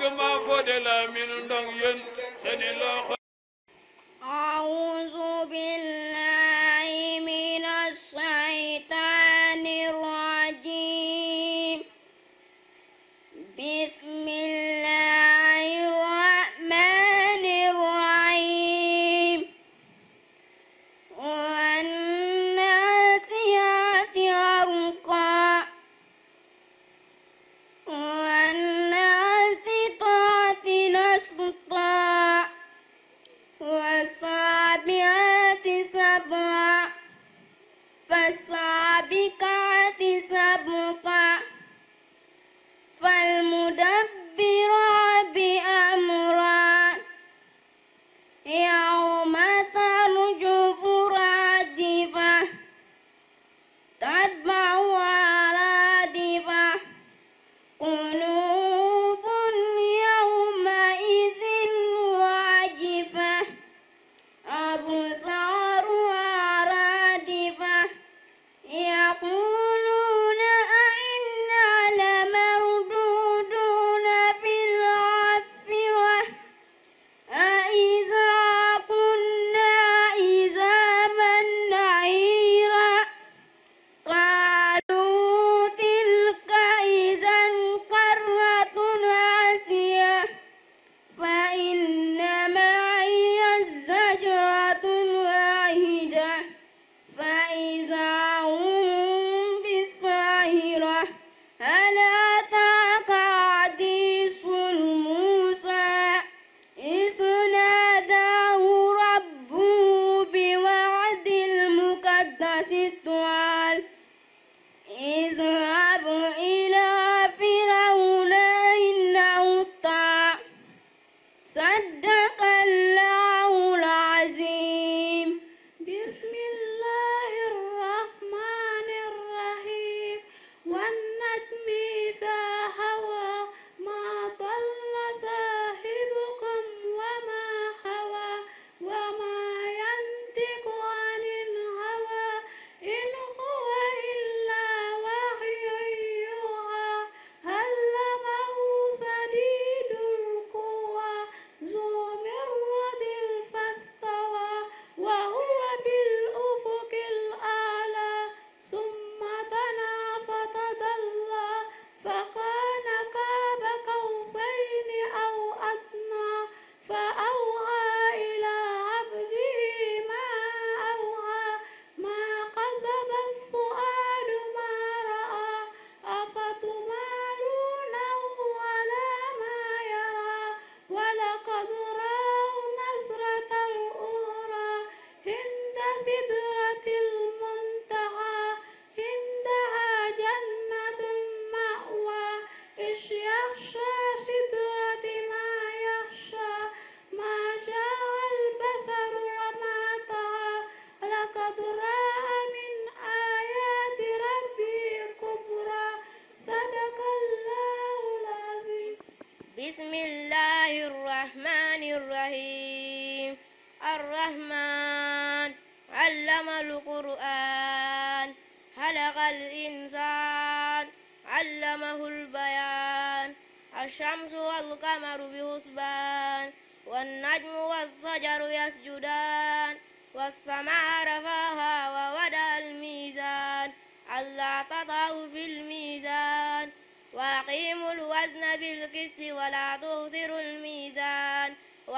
gama fodela min do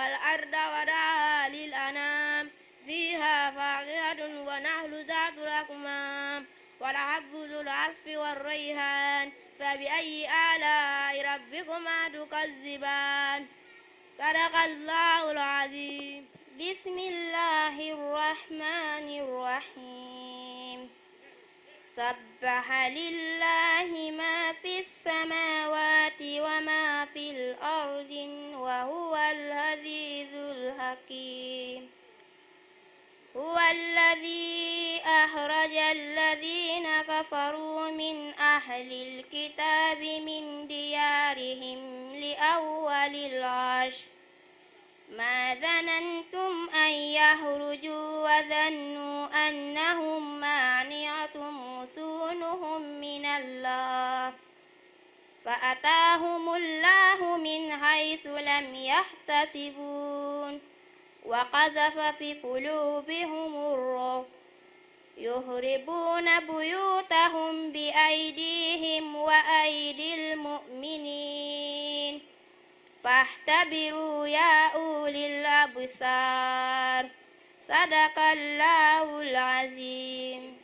والأرض ودعا للأنام فيها فاقهة ونحل ذات الأكمام والحب ذو العصف والريحان فبأي آلاء ربكما تكذبان صدق الله العظيم بسم الله الرحمن الرحيم سبح لله ما في السماوات وما في الأرض وهو العزيز الحكيم هو الذي أخرج الذين كفروا من أهل الكتاب من ديارهم لأول العشر ما ظننتم أن يهرجوا وظنوا أنهم مانعتم سونهم من الله فأتاهم الله من حيث لم يحتسبون وقذف في قلوبهم الرعب يهربون بيوتهم بأيديهم وأيدي المؤمنين فاحتبروا يا أولي الأبصار صدق الله العظيم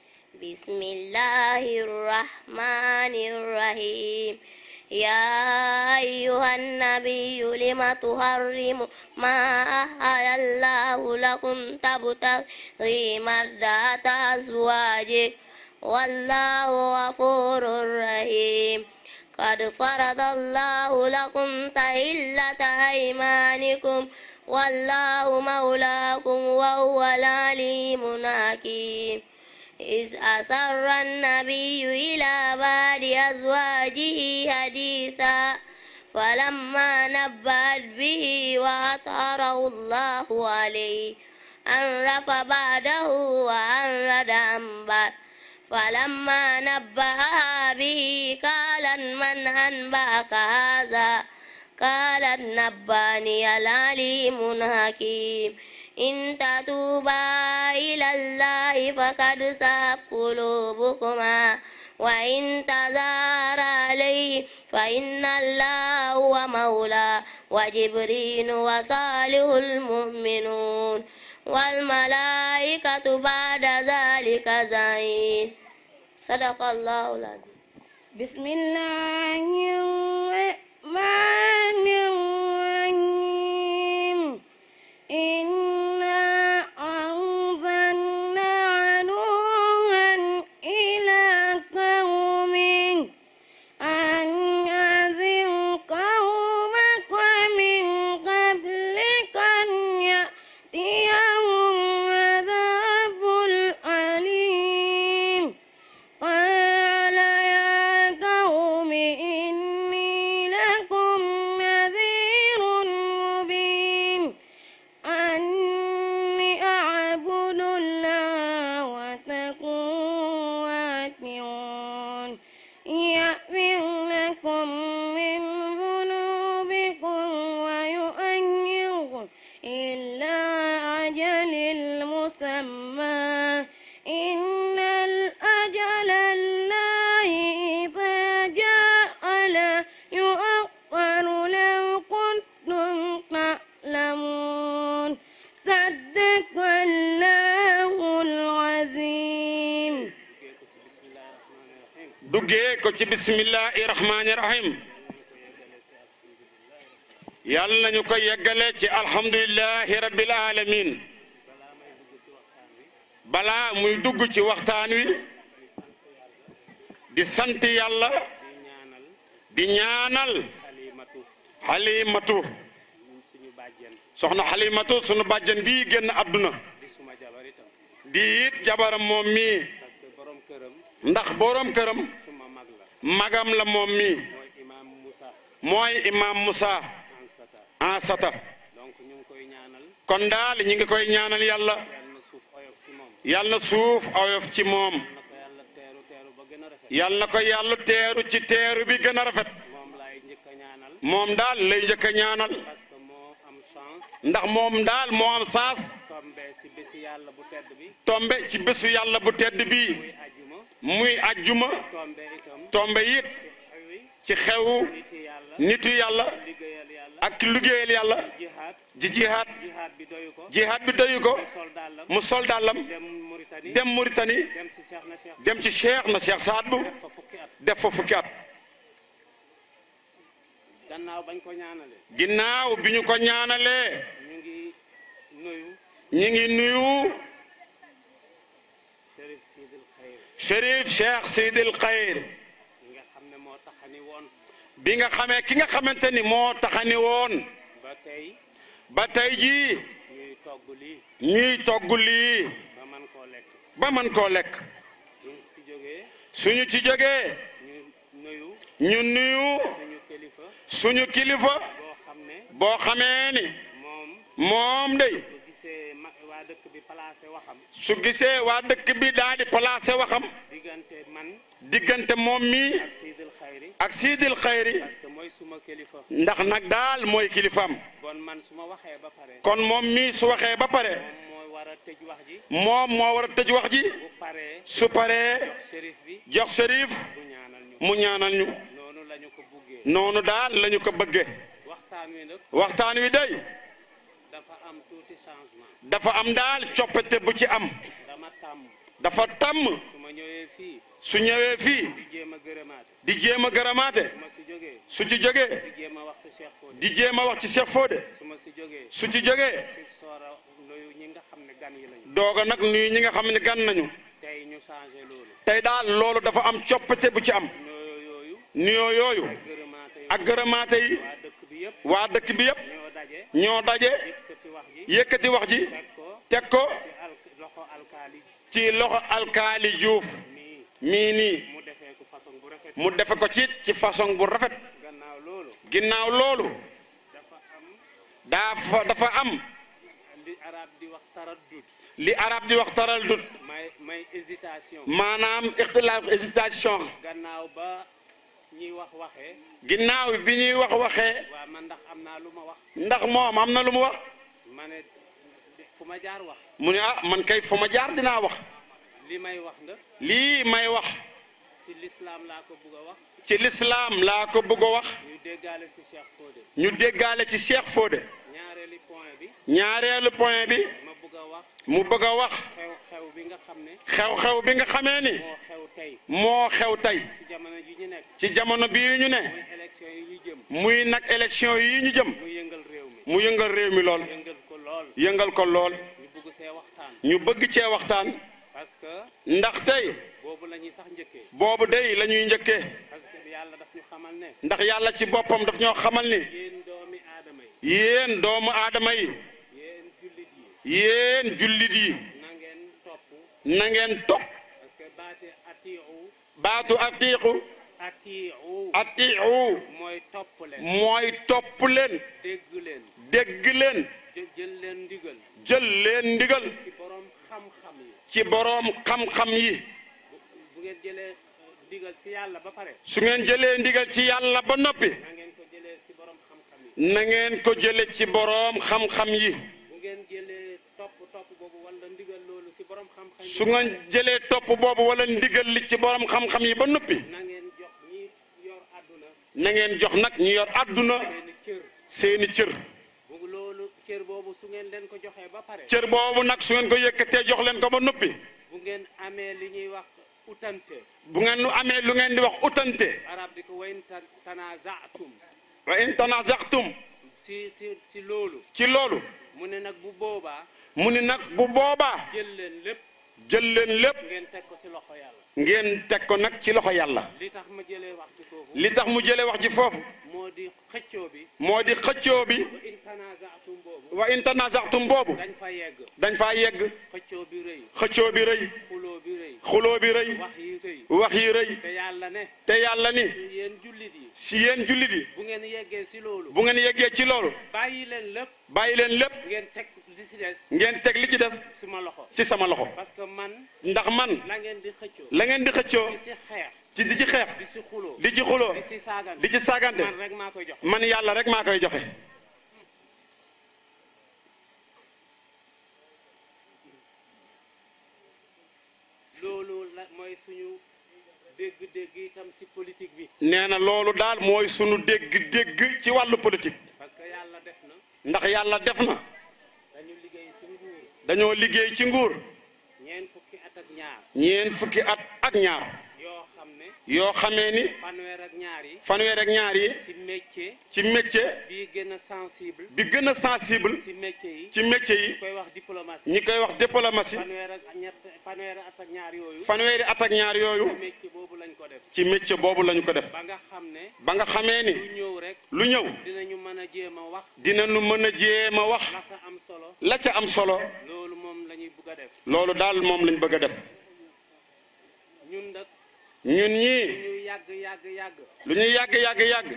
بسم الله الرحمن الرحيم يا أيها النبي لم تحرم ما أحل الله لكم تبتغي مرضات أزواجك والله غفور رحيم قد فرض الله لكم تهلة أيمانكم والله مولاكم وهو العليم الحكيم إذ أسر النبي إلى بعد أزواجه حديثا فلما نبأت به وأطهره الله عليه أنرف بعده وأنرد أنبأ فلما نبهها به قال من أنبأك هذا قالت نباني العليم الحكيم إن تتوبا إلى الله فقد ساب قلوبكما وإن تزار عليه فإن الله هو مولاه وجبرين وصالح المؤمنون والملائكة بعد ذلك زين صدق الله العظيم بسم الله الرحمن الرحيم duggee ko ci bismillahi rahmaani rahim yàlla nañu ko yeggale ci alhamdulilahi rabbil alamin bala muy dugg ci waxtaan wi di sant yàlla di ñaanal xalimatu soxna xalimatu sunu bàjjen bii génn àdduna di jabaram moom mii ndax borom këram magam la moom mii mooy imam Moussa Ansata kon daal ñu ngi koy ñaanal yàlla yàlla na suuf oyof ci moom yàlla na ko yàlla teeru ci teeru bi gën a rafet moom daal lay njëkk a ñaanal ndax moom daal moo am saas tombe ci bésu yàlla bu tedd bi muy ajjuma tombe it ci xewu nitu yàlla ak liggéeyal yàlla ji jihad jihad bi doyu ko mu sol dàllam dem mauritani dem ci Cheikh na Cheikh Saad bu def fa fukki at ginnaaw bi ñu ko ñaanale ñi ngi nuyu شريف شيخ سيد Khayr bi nga xamee ki nga xamante ni moo taxani woon ba tey ba tey jii ñuy togg lii ñuy togg lii ba man koo lekk ba man koo lekk suñu ci jógee ñu nuyu suñu kilifa boo xamee ni moom day su gisee waa dëkk bi daal di placé waxam diggante man diggante moom mii ak siidil xayri ndax nag daal mooy kilifaam kon moom mii su waxee ba pare moom moo war a tëj wax ji su paree jox sërif mu ñaanal ñu noonu daal la ñu ko bëggee waxtaan wi day dafa am daal coppite bu ci am dafa tàmm. su ñëwé fi di jéem garamaté su ci joggé di jéem wax ci Cheikh Fodé su ci jógee dooga nak nuy ñi nga xamné gan nañu tey daal lolu dafa am coppite bu ci am nuyo yoyu ak garamaté yi wa dëkk bi yëpp ñoo daje yëkëti wax ji tekko ci loxo alkali mini mu defe ko ci ci façon bu rafet ginnaw lolu dafa dafa am li arab di wax taraddud taral dut maanaam ixtilaaf hésitation gannaaw ba ñuy wax waxee ginnaw bi ñi wax waxee ndax am na lu ma wax ndax mom amna na lu mu wax mané fuma jaar wax mune ah man kay fuma jaar dina wax li may wax nga. lii may wax. ci lislaam laa ko bugg a wax. ci lislaam laa ko bëgg a wax. ñu déggaale ci Cheikh Fodé. ñu déggaale ci Cheikh Fodé. ñaareelu point bi. ñaareelu point bi. ma bëgg wax. mu bëgg a wax. xew-xew bi nga xam ne. xew-xew bi nga xamee ni. moo xew tey. moo xew tey. ci jamono ji ñu nekk. ci jamono bii ñu ne. muy nag élection yi ñu jëm. mu yëngal réew mi. mu yëngal réew mi lool. yëngal ko lool. yëngal ko lool. ñu bëgg cee waxtaan. parce que ndax tey boobu la ñuy sax njëkkee boobu day la ñuy njëkkee parce que yàlla daf ñu xamal ne ndax yàlla ci boppam daf ñoo xamal ni yéen doomi aadama yi doomu aadama yi yéen jullit yi nangeen jullit yi na topp parce que baatu atiiu baatu atiiu atiiu atiiu mooy topp leen mooy topp leen dégg jël leen ndigal ci boroom xam-xam yi bu ngeen jëlee ndigal yàlla ba pare su ngeen jëlee ndigal ci yàlla ba noppi na ngeen ko jële ci boroom xam-xam su ngeen jëlee topp boobu wala ndigal li ci boroom xam-xam yi ba noppi na ngeen jox nag ñu yor àdduna seeni cër cër boobu su ngeen leen ko joxee ba pare. cër boobu nag su ngeen ko yëkkatee jox leen ko ba noppi. bu ngeen amee li ñuy wax utante. bu ngeen nu amee lu ngeen di wax utante. arab di ko wa in tanaza'tum. wa in tanaza'tum. si si si loolu. ci loolu. mu ne nag bu boobaa. mu ne nag bu boobaa. jël leen lépp. jël leen lépp. ngeen teg ko si loxo yàlla. ngeen teg ko nag ci loxo yàlla. li tax mu jëlee tax mu jëlee wax ci foofu. moo di xëccoo bi. moo di xëccoo bi. wa in tanazatum boobu. dañ fa yegg. dañ fa yegg. xëccoo bi rëy. xëccoo bi rëy. xuloo bi rëy. xuloo bi rëy. wax yi rëy. wax yi te yàlla ne. te yàlla ni. si yéen jullit yi. si yéen jullit yi. bu ngeen yeggee si loolu. bu ngeen yeggee ci loolu. bàyyi leen lépp. bàyyi leen lépp. ngeen teg li ci des. ngeen li ci des. ci loxo. ci sama loxo. parce que man. ndax man. la ngeen di xëccoo. la ngeen di xëccoo. ci xeex. ci di ci xeex di ci xuloo di ci xuloo di ci saagante man yàlla rek maa koy joxe loolu mooy suñu dégg politique bi. nee na loolu daal mooy suñu dégg-dégg ci wàllu politique. parce que yàlla def na. ndax yàlla def na. dañu liggéey ci nguur. dañoo liggéey ci nguur. ñeent fukki at fukki at ak ñaar. yoo xamee ni fanweer ak ñaar yi fanweer ak ñaar yi ci métier ci métier bi gën a sensible gën a sensible ci métier yi ci métier yi ñi koy wax diplomatie ñi koy wax diplomatie fanweer ak ñett fanweeri at ak ñaar yooyu fanweeri at yooyu ci métier boobu lañ ko def ci métier boobu lañ ko def ba nga xam ne ba nga xamee ni lu ñëw rek lu ñëw dinañu mën a jéem a wax dinañu mën a jéem a wax la ca am solo la am solo loolu moom la ñuy bëgg a def loolu daal moom lañ bëgg a def ñun ñii lu ñuy yàgg yàgg yàgg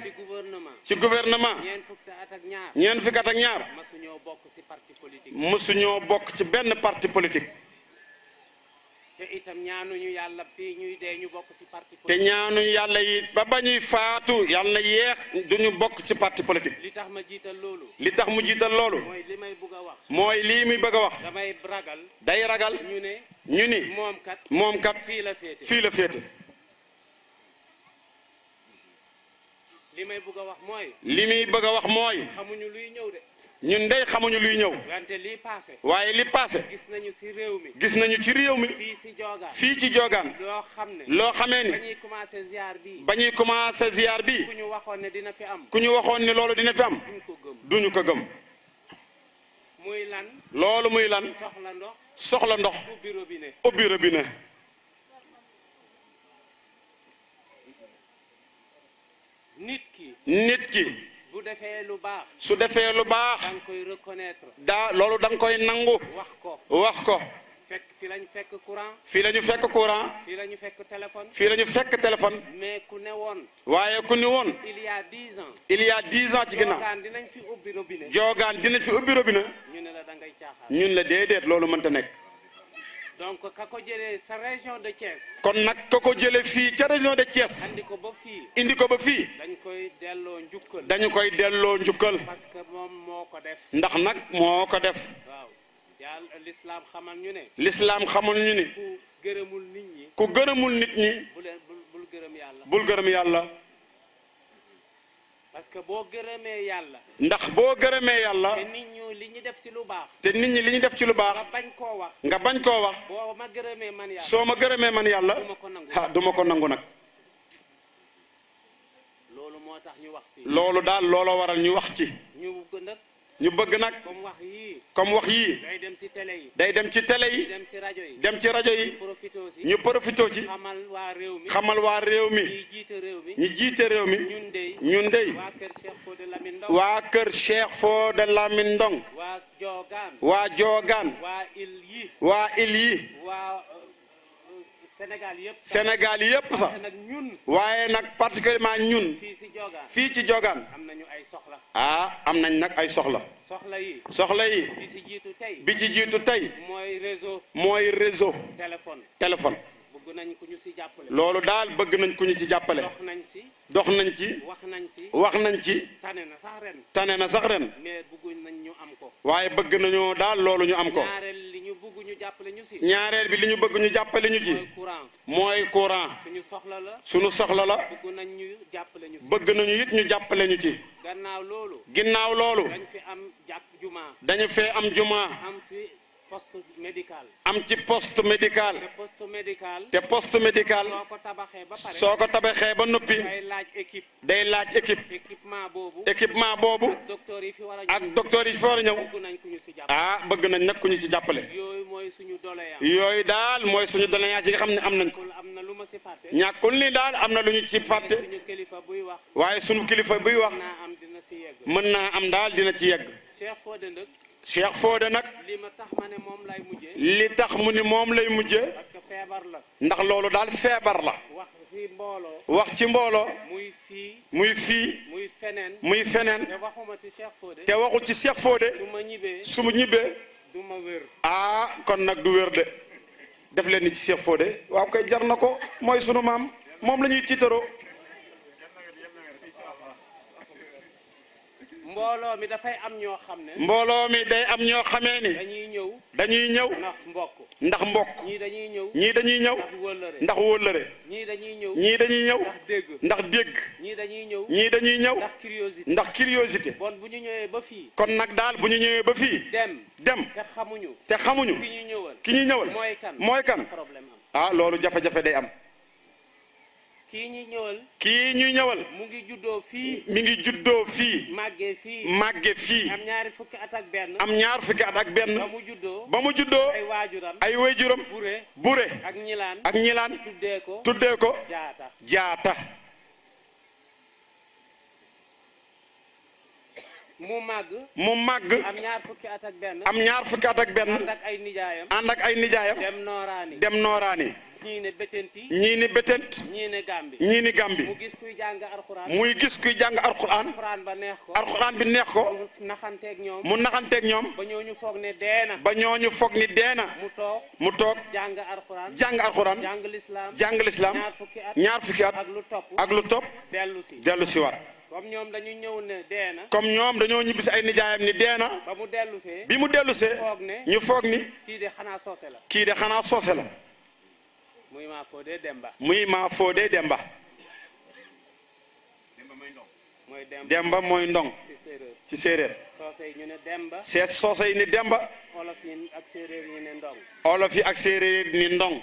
ci gouvernement ñeen fukk at ak ñaar mësuñoo bokk ci benn parti politique. te ñaanu ñaanuñu yàlla fii ñuy dee ñu bokk ci parti te ñaanuñu yàlla yi ba bañuy faatu yàlla na yeex duñu bokk ci parti politique. li tax ma jiital loolu. li tax mu jiital loolu. mooy li may bëgg a wax. mooy lii muy bëgg a wax. damay ragal. day ragal ñu ne. ñu ni moom kat moom kat fii la féete fii la féete. li may bëgg a wax mooy. li muy bëgg a wax mooy. xamuñu luy ñëw ñun dey xamuñu luy ñëw. wante li paase. waaye li paase. gis nañu ci réew mi. gis nañu ci réew mi. fii ci joogaan. ci joogaan. loo xam ne. loo xamee ni. ba ñuy commencé bi bii. ba ñuy commencé ziar ku ñu waxoon ne dina fi am. ku ñu waxoon ne loolu dina fi am. duñ duñu ko gëm. lan. loolu muy lan. soxla ndox. soxla ndox. ubbi robinet. ubbi robinet. nit ki nit ki. bu defee lu baax. su defee lu baax. da koy reconnaître. daa loolu da nga koy nangu. wax ko wax ko. fekk fii la fekk courant. fii la ñu fekk courant. fii la ñu fekk téléphone. fii lañu fekk téléphone. mais ku ne woon. waaye ku ne woon. il y a dix ans. il y a dix ans ci ginnaaw. joogaan dinañ fi ubbi robinet. joogaan dinañ fi ubbi robinet. ñun da ngay caaxaan. ñun la déedéet loolu mënta nekk. donc ka ko jëlee sa région de Thiès. kon nag ka ko jëlee fii ca région de Thiès. indi ko ba fii. indi ko ba fii. dañu koy delloo njukkal. dañu koy delloo njukkal. parce que moom moo ko def. ndax nag moo ko def. waaw lislaam xamal ñu ne. lislaam xamal ñu ni ku gërëmul nit ñi. ku gërëmul nit ñi. bul gërëm yàlla. bul gërëm yàlla. parce que boo gërëmee yàlla. ndax boo gërëmee yàlla. te nit ñi li ñu def ci lu baax. te nit ñi li ñu def ci lu baax. nga bañ koo wax. nga bañ koo wax. boo ma gërëmee man yàlla. soo ma gërëmee man yàlla. du ma ko nangu ah du ko nangu nag. loolu moo tax ñu wax ci. loolu daal looloo waral ñu wax ci. ñu bëgg nag comme wax yii comme wax yii dem ci télé yi day dem ci télé yi dem ci rajo yi dem ci rajo yi ñu profité ci xamal waa réew mi xamal waa réew mi ñu jiite réew mi ñu dey waa kër Cheikh Fodé Lamine Ndong waa Jogaan waa il yi waa il yi Sénégal yëpp sax waaye nag particulièrement ñun fii ci Diogaan ah am nañ nag ay soxla soxla yi bi ci jiitu tey mooy réseau téléphone loolu daal bëgg nañ ku ñu ci jàppale. dox nañ ci. dox nañ ci. wax nañ ci. wax nañ ci. tane na sax ren. tane na sax ren. mais nañ ñu am ko. waaye bëgg nañoo daal loolu ñu am ko. ñaareel li jàppale ñu ci. ñaareel bi li ñu bëgg ñu jàppale ñu ci. mooy courant. mooy ñu soxla la. suñu soxla la. bëgg nañ ñu jàppale ñu bëgg nañu it ñu jàppale ñu ci. gannaaw loolu. ginnaaw loolu. dañ dañu fee am jumaa. poste médical. am ci poste médical. te poste médical. te poste médical. soo ko tabaxee ba pare soo ko tabaxee ba noppi. day laaj équipe. day laaj équipe. équipement boobu. équipement boobu. ak docteur yi fi war a ñëw ak docteur yi fi ñëw. bëgg nañ ku ñu ci jàppale. ah bëgg nañ nag ci jàppale. yooyu mooy suñu doléance. yooyu daal mooy suñu doléance yi nga xam ne am nañ ko. am na lu ma ci fàtte. ñàkkul ni daal am na lu ñu ci fàtte. waaye suñu kilifa buy wax. waaye suñu kilifa buy wax. mën naa am dina ci yegg. mën naa am daal dina ci yegg. Cheikh Fodé nag li tax ma ne moom lay mujjee li tax mu ni moom lay mujjee parce la ndax loolu daal feebar la wax ci mbooloo wax ci mbooloo muy fii muy fii muy feneen muy feneen te waxuma ci Cheikh Fodé ci Cheikh Fodé su ma ñibbee su ma ma wér ah, kon nag du wér de def leen ni ci Cheikh Fodé waaw kay jar na ko mooy sunu maam moom la ñuy mbooloo mi dafay am ñoo xam ne. mbooloo mi day am ñoo xamee ni. dañuy ñëw. dañuy ñëw ndax mbokk. ndax mbokk. ñii dañuy ñëw. ñii dañuy ñëw. ndax wóllëre. ñii dañuy ñëw. ñii dañuy ñëw. ndax dégg. ñii dañuy ñëw. ñii dañuy ñëw. ndax curiosité. ndax curiosité. bon bu ñu ñëwee ba fii. kon nag daal bu ñu ñëwee ba fii. dem te xamuñu. te xamuñu. ki ñu ñëwal. ki ñu ñëwal mooy kan. mooy kan ah loolu jafe-jafe day am. kii ñu ñëwal. kii ñu ñëwal. mu ngi juddoo fii. mi ngi juddoo fii. màggee fii. màggee fii. am ñaar fukki at ak benn. am ñaar fukki at ak benn. ba mu juddoo. ba mu juddoo. ay waajuram. ay waajuram. bure. bure. ak ñilaan. ak ñilaan. tuddee tuddee ko. jaata. jaata. mu màgg mu màgg am ñaar fukki at ak benn am ñaar fukki at ak benn ànd ak ay nijaayam ànd ak ay nijaayam dem nooraani dem nooraani ñii ne bétenti ñii ne bétent ñii ne gambi ñii ne mu gis kuy jàng alxuraan muy gis kuy jàng alxuraan alxuraan ba neex ko bi neex ko mu naxanteeg ñoom mu naxanteeg ñoom ba ñooñu foog ne deena ba ñooñu foog ni deena mu toog mu toog jàng alxuraan jàng alxuraan jàng lislaam jàng lislaam ñaar fukki at ñaar fukki at ak lu topp ak lu topp si dellu si waat comme ñoom dañu ñëw ne dee na. comme ñoom dañoo ñibbi ay nijaayam ni dee na. mu dellu see. bi mu dellu see. ñu foog ni. kii de xanaa soose la. kii de xanaa soose la. muy maa Fodé Demba. muy maa Fodé Demba. mooy Demba mooy Ndong. ci séeréer ci séeréer. soose yi ne Demba. seet soose yi ni Demba. olof yi ak séeréer yi ni Ndong.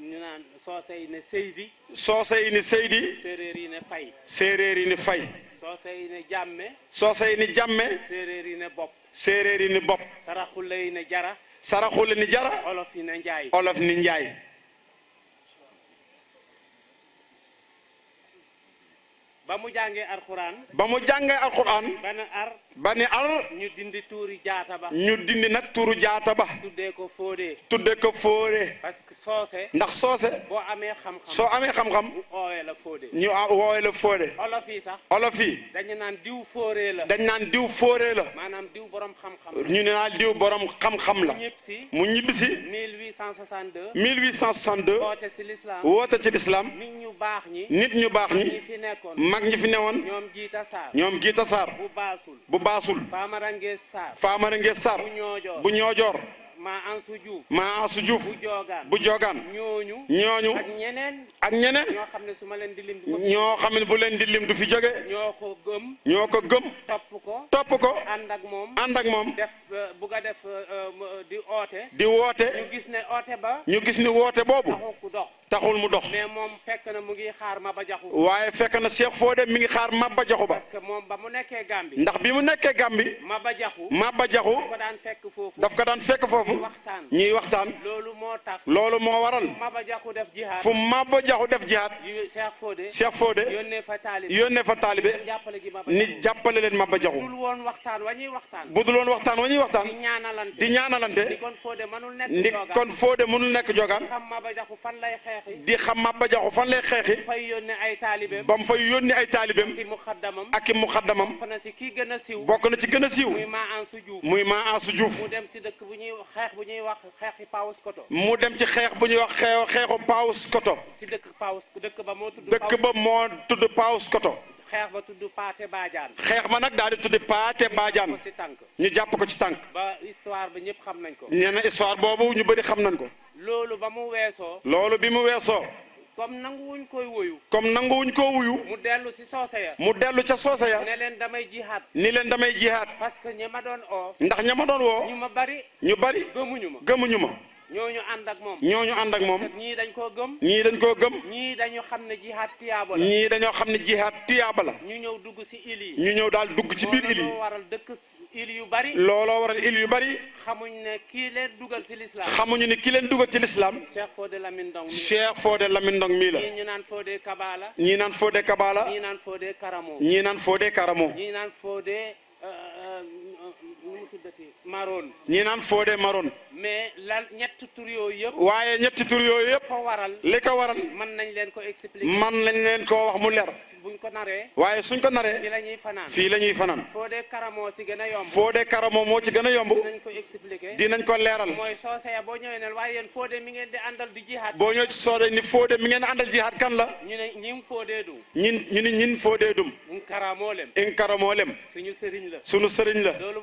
ñu naan soose yi ne Seydi. soose yi ne Seydi. séeréer yi ne Fay. séeréer yi ne Fay. soose yi ne Jàmme. soose yi ne Jàmme. séeréer yi ne Bopp. séeréer yi ne Bopp. saraxule yi ne Jara. saraxule ni Jara. olof yi ne Njaay. olof ni Njaay. ba mu jànge alxuraan. ba mu jàngee alxuraan. ba ni ar. ñu dindi tuuri jaata ba. ñu dindi nag tuuru jaata ba. tuddee ko fóodee. tuddee ko fóodee. parce que soose. ndax soose. boo amee xam soo amee xam-xam. ñu oowee la fóodee. ñu oowee la fóodee. olof yi sax. olofi yi. naan diw fóoree la. dañu naan diw fóoree la. maanaam diw borom xam-xam la. ñu ne naan diw borom xam-xam la. mu ñibbi si. mu ñibbi si. 1862. 1862. woote ci lislaam. woote ci lislaam. nit ñu baax ñi. nit ñu baax ñi. mag ñi fi nekkoon. mag ñi fi newoon. ñoom jiita Sarr. ñoom Giita Sarr. bu baasul. baasul faamarange sar bu ñoojoor ma Ansu Diouf ma Ansu Diouf bu joogaan bu joogaan ñooñu ñooñu ak ñeneen ak ñeneen ñoo xam ne su ma leen di lim ñoo xam ne bu leen di lim du fi jóge ñoo ko gëm ñoo ko gëm topp ko topp ko ànd ak moom ànd ak moom bu nga def euh, euh, euh, di oote di woote ñu gis ne oote ba ñu gis ne woote boobu ku dox taxul mu dox mais moom fekk na mu ngi xaar Maba Jaxu waaye fekk na Cheikh Fodé mi ngi xaar Maba Jaxu ba parce que moom ba mu nekkee Gàmbi ndax bi mu nekkee Gàmbi Maba Jaxu Maba Jaxu daf ko daan fekk foofu foofu ñuy waxtaan loolu moo tax loolu moo waral fu Maba Jaxu def jihaad Cheikh Fodé yónnee fa taalibe nit jàppale leen ma Jaxu bu dul woon waxtaan wa ñuy waxtaan di ñaanalante ndi kon Fodé mënul nekk jogaan di xam Maba Jaxu fan lay xeexi ba mu fay yónni ay taalibeem ak i muxaddamam bokk na ci gën a siiw muy maa ansu Juuf mu dem si dëkk bu ñuy wax xeex bu ñuy wax xeex fi Paos Koto. mu dem ci xeex bu ñuy wax xeex xeexu Paos Koto. si dëkk Paos dëkk ba moo tudd. dëkk ba moo tudd Paos Koto. xeex ba tudd Paate Badiane. xeex ma nag daal di tudd Paate Badiane. ñu jàpp ko ci tànk. ba histoire ba ñëpp xam nañ ko. nee na histoire boobu ñu bëri xam nañ ko. loolu ba mu weesoo. loolu bi mu weesoo. comme nanguwuñ koy wuyu. comme nanguwuñ koo wuyu. mu dellu si soose ya. mu dellu ca soose ya. ne leen damay jihaat. ni leen damay jihaat. parce que ña ma doon oo. ndax ña ma doon woo. ñu ma bari. ñu bari gëmuñu ma gëmuñu ma. ñooñu ànd ak moom ñooñu ànd ak moom ñii dañ koo gëm ñii dañ koo gëm ñii dañu xam ne jihaad tiyaaba la ñii dañoo xam ne jihaad tiyaaba la ñu ñëw dugg si il ñu ñëw daal dugg ci biir il yi waral dëkk il yu bari looloo waral il yu bari xamuñ ne kii leen dugal ci lislaam xamuñu ne kii leen dugal ci lislaam Cheikh Fodé Lamine Ndong Cheikh Fodé Lamine Ndong mii ñii ñu naan Fodé Kaba la ñii naan Fodé Kaba la ñii naan Fodé Karamo ñii naan Fodé Karamo ñii naan Fodé euh, euh, nu mu tuddati naan Fodé Maroon mais lan ñetti tur yooyu yëpp. waaye ñetti tur yooyu yëpp. ko waral li ko waral. mën nañ leen ko expliquer. mën nañ leen ko wax mu leer. buñ ko naree. waaye suñ ko naree. fii la ñuy fanaan fii la ñuy fanaan. foo dee karamoo si gën a yomb. foo dee karamoo moo ci gën a yomb. dinañ ko expliquer. dinañ ko leeral. mooy soose ya boo ñëwee ne waaye yéen foo dee mi ngeen di àndal di jihaat. boo ñëwee ci ni foo dee mi ngeen di àndal jihaat kan la. ñu ne ñin foo dee dum. ñin ñu ne foo dee dum. in karamoo lem. in suñu sëriñ la. suñu sëriñ la. loolu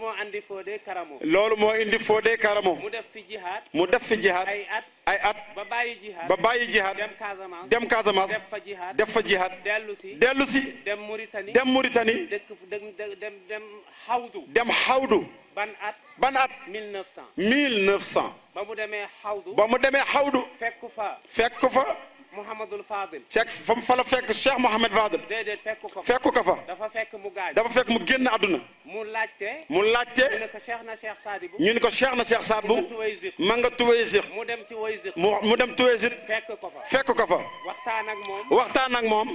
moo indi foo dee karamoo. def fi jihaad mu def fi jihaad ay at ay at ba bàyyi jihaad ba bàyyi jihaad dem Casamance dem Casamance fa jihaad def fa jihaad dellu si dellu si dem Mauritanie dem Mauritanie dëkk dem dem xawdu dem xawdu ban at ban at 1900 1900 ba mu demee xawdu ba mu demee xawdu fekk fa fekk fa Mouhamadul Fadil. ceeg fa mu fa la fekk Cheikh Mouhamad Fadil. déedéet fekku ko fa fekku ko fa. dafa fekk mu gaañ. dafa fekk mu génn àdduna. mu laajte. mu laajte. ñu ne ko Cheikh na Cheikh Sadibou. ñu ne ko Cheikh na Cheikh Sadibou. ma nga Tuwaysir. mu dem ci Tuwaysir. mu mu dem Tuwaysir. fekk ko fa fekk ko fa. waxtaan ak moom. waxtaan ak moom.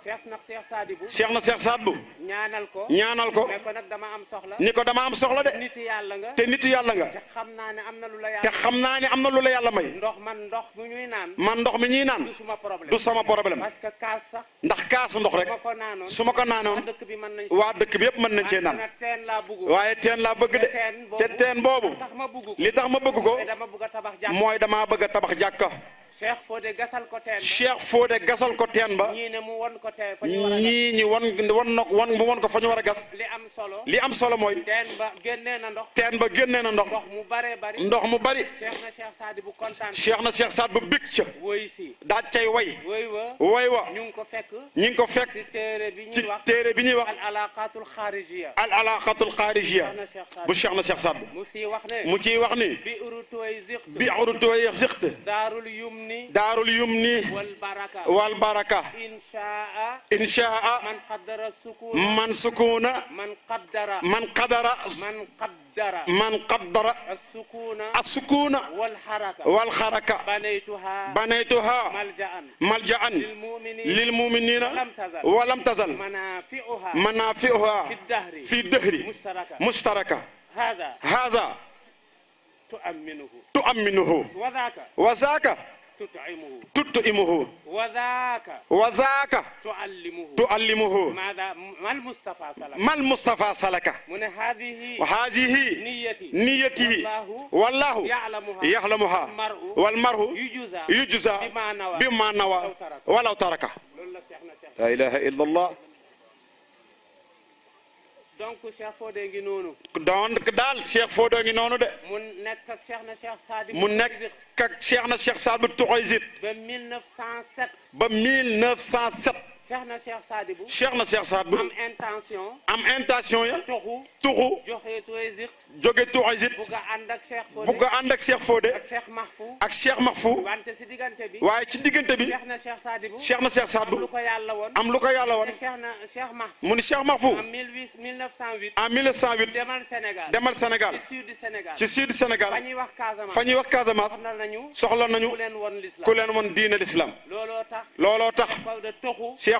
seex na seex Sadibou. seex na seex Sadibou. ñaanal ko ñaanal ko. ne ko am soxla. ni ko dama am soxla de. nit yàlla nga te nit yàlla nga. te xam naa ne am na lu la yàlla. xam naa ne am na lu la yàlla may. ndox man ndox mi ñuy naan. man ndox mi ñuy naan. du sama problème sama problème. parce que kaas sax. ndax kaas ndox rek. su ma ko naanoon waa dëkk bi yëpp mën nañ cee naan. waaye teen laa bëgg de. te teen boobu li tax ma bëgg ko mooy dama bëgg a tabax jàkka Cheikh Fodé gassal ko teen ba ñi Fodé gasal ko teen ba ñii won ko ñi won won won mu won ko fañu wara war gas. li am solo li am solo moy teen ba genné na ndox. teen ba genné na ndox. ndox mu bari bari ndox mu bari. Cheikh na Cheikh Saad bu kontaan. Cheikh na Cheikh Saad bu bik ci way si da cay way. way wa woy wa. ñu ko fekk. ñu ko fekk ci téere bi ñuy wax ci bi ñuy wax. al alaqatul xaarijiya. al alaqatul xaarijiya bu Cheikh na Cheikh Saad mu ciy wax ne mu ciy wax ne. bi urutu way ziqt bi urutu way ziqt daarul yum دار اليمن والبركة والبركة إن شاء إن شاء من قدر السكون من سكون من قدر من قدر من قدر من قدر السكون السكون والحركة والحركة بنيتها بنيتها ملجأ ملجأ للمؤمنين للمؤمنين ولم تزل ولم تزل منافعها منافعها في الدهر في الدهر مشتركة مشتركة هذا هذا تؤمنه تؤمنه وذاك وذاك تطعمه وذاك وذاك تعلمه تعلمه ما المصطفى سلك من هذه وهذه نيتي نيته والله يعلمها والمرء يجزى بما نوى ولو ترك لا اله الا الله donc Cheikh Fodé ngi noonu. donc daal Cheikh Fodé ngi noonu de. mu nekk ak Cheikh na Cheikh Saadi. mu nekk ak Cheikh na Cheikh Saadi Toukhayzit. ba 1907. ba 1907. cheikh na cheikh Sadibou cheikh cheikh Sadibou am intention. am intention ya. tuxu tuxu. joxe Tuxézit. joge Tuxézit. bugg a ànd ak cheikh Fodé. bugg a ak cheikh Fodé. ak cheikh Mahfou. ak cheikh Mahfou. wante ci diggante bi. waaye cheikh Sadibou. cheikh cheikh Sadibou. am lu ko yàlla am lu ko yàlla woon. cheikh na cheikh Mahfou. mu cheikh Mahfou. en 1908. en 1908. demal Sénégal. demal Sénégal. ci sud Sénégal. ci sud Sénégal. fa ñuy wax Casamance. fa ñuy wax Casamance. soxla nañu. kulen nañu ku leen won diine l'islam. lolo tax. lolo tax. cheikh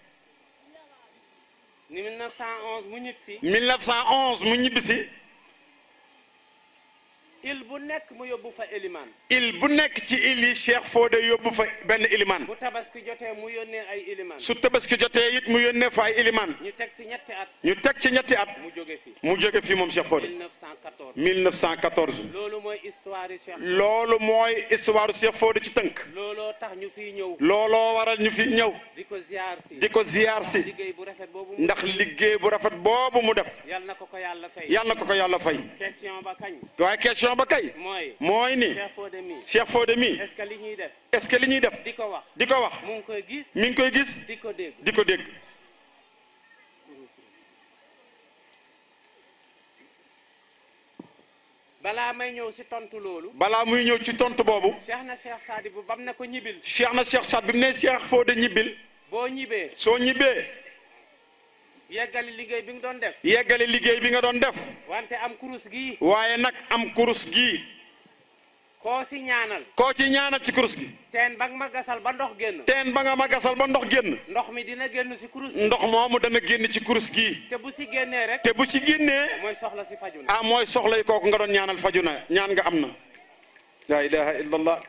1911 mu ñibbisi. 1911 mu ñibbisi. il bu nekk mu yóbbu fa élimaan. il bu nekk ci il yi Cheikh Fodé yóbbu fa benn élimaan. bu tabaski jotee mu yónnee ay élimaan. su tabaski jotee it mu yónnee fa ay élimaan. ñu teg ci ñetti at. ñu teg ci ñetti at. mu jóge fi mu jóge fi moom Cheikh Fodé. 1914 1914. loolu mooy histoire Cheikh. loolu mooy histoire Cheikh Fodé ci tënk. looloo tax ñu fiy ñëw. looloo waral ñu fi ñëw. di ko ziar si. di ko ziar si. liggéey bu rafet boobu ndax liggéey bu rafet boobu mu def. yal na ko ko yàlla fay. ko ko yàlla fay. waaye question. solution ba kay. mooy mooy ni. Cheikh Fodé mi Cheikh Fodé mi. est-ce que li ñuy def. def. di ko wax di ko wax. mi ngi koy gis mi ngi koy gis. di ko dégg di ko dégg. balaa may ñëw ci tontu loolu. balaa muy ñëw ci tontu boobu. Cheikh na Cheikh Saadi bu ko ñibbil. Cheikh na Cheikh Saad bi mu ne Cheikh Fodé ñibbil. soo ñibbee. yeggali liggéey bi nga doon def. yeggali liggéey bi nga doon def. wante am kurus gi. waaye nag am kurus gi. koo ci ñaanal. koo ci ñaanal ci kurus gi. teen ba nga ma gasal ba ndox génn. teen ba nga ma gasal ba ndox génn. ndox mi dina génn ci kurus gi. ndox moomu dana génn ci kurus gi. te bu ci génnee rek. te bu ci génnee. mooy soxla ci faju na. ah mooy soxla yi kooku nga doon ñaanal faju na ñaan nga am na. laa ilaaha illallah.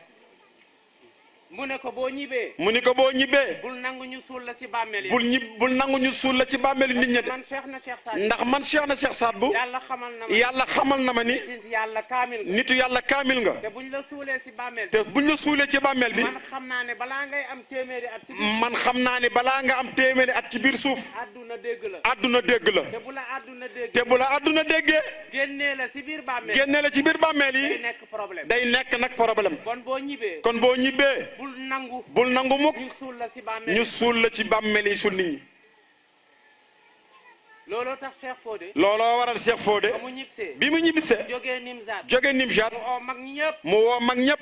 mu ne ko boo ñibbee. mu ne ko boo ñibbee. bul nangu ñu suul la ci bàmmeel yi. bul bul nangu suul la ci bàmmeel yi nit ñi de. man na Cheikh Saad ndax man Cheikh na Cheikh Saad bu. yàlla xamal na ma yàlla xamal na ma ni. nitu yàlla kaamil nga. yàlla kaamil nga. te buñ la suulee ci bàmmeel te buñ la suulee ci bàmmeel bi. man xam naa ne balaa am téeméeri at. man xam naa ne balaa nga am téeméeri at ci biir suuf. adduna dégg la. àdduna dégg la. te bu la àdduna déggee. te bu la àdduna déggee. génnee la ci biir bàmmeel. génnee la ci biir bàmmeel yi. day nekk problème. day nekk nag problème. kon boo ñibbee. bul nangu bul nangu mukk ñu suul la ci bàmmeel ñu la ci bàmmeel yi suul nit ñi. looloo tax Cheikh Fodé. looloo waral Cheikh Fodé. bi mu ñibbisee bi mu ñibbisee. jógee Nimzaat mu woo mag ñëpp mu woo mag ñëpp.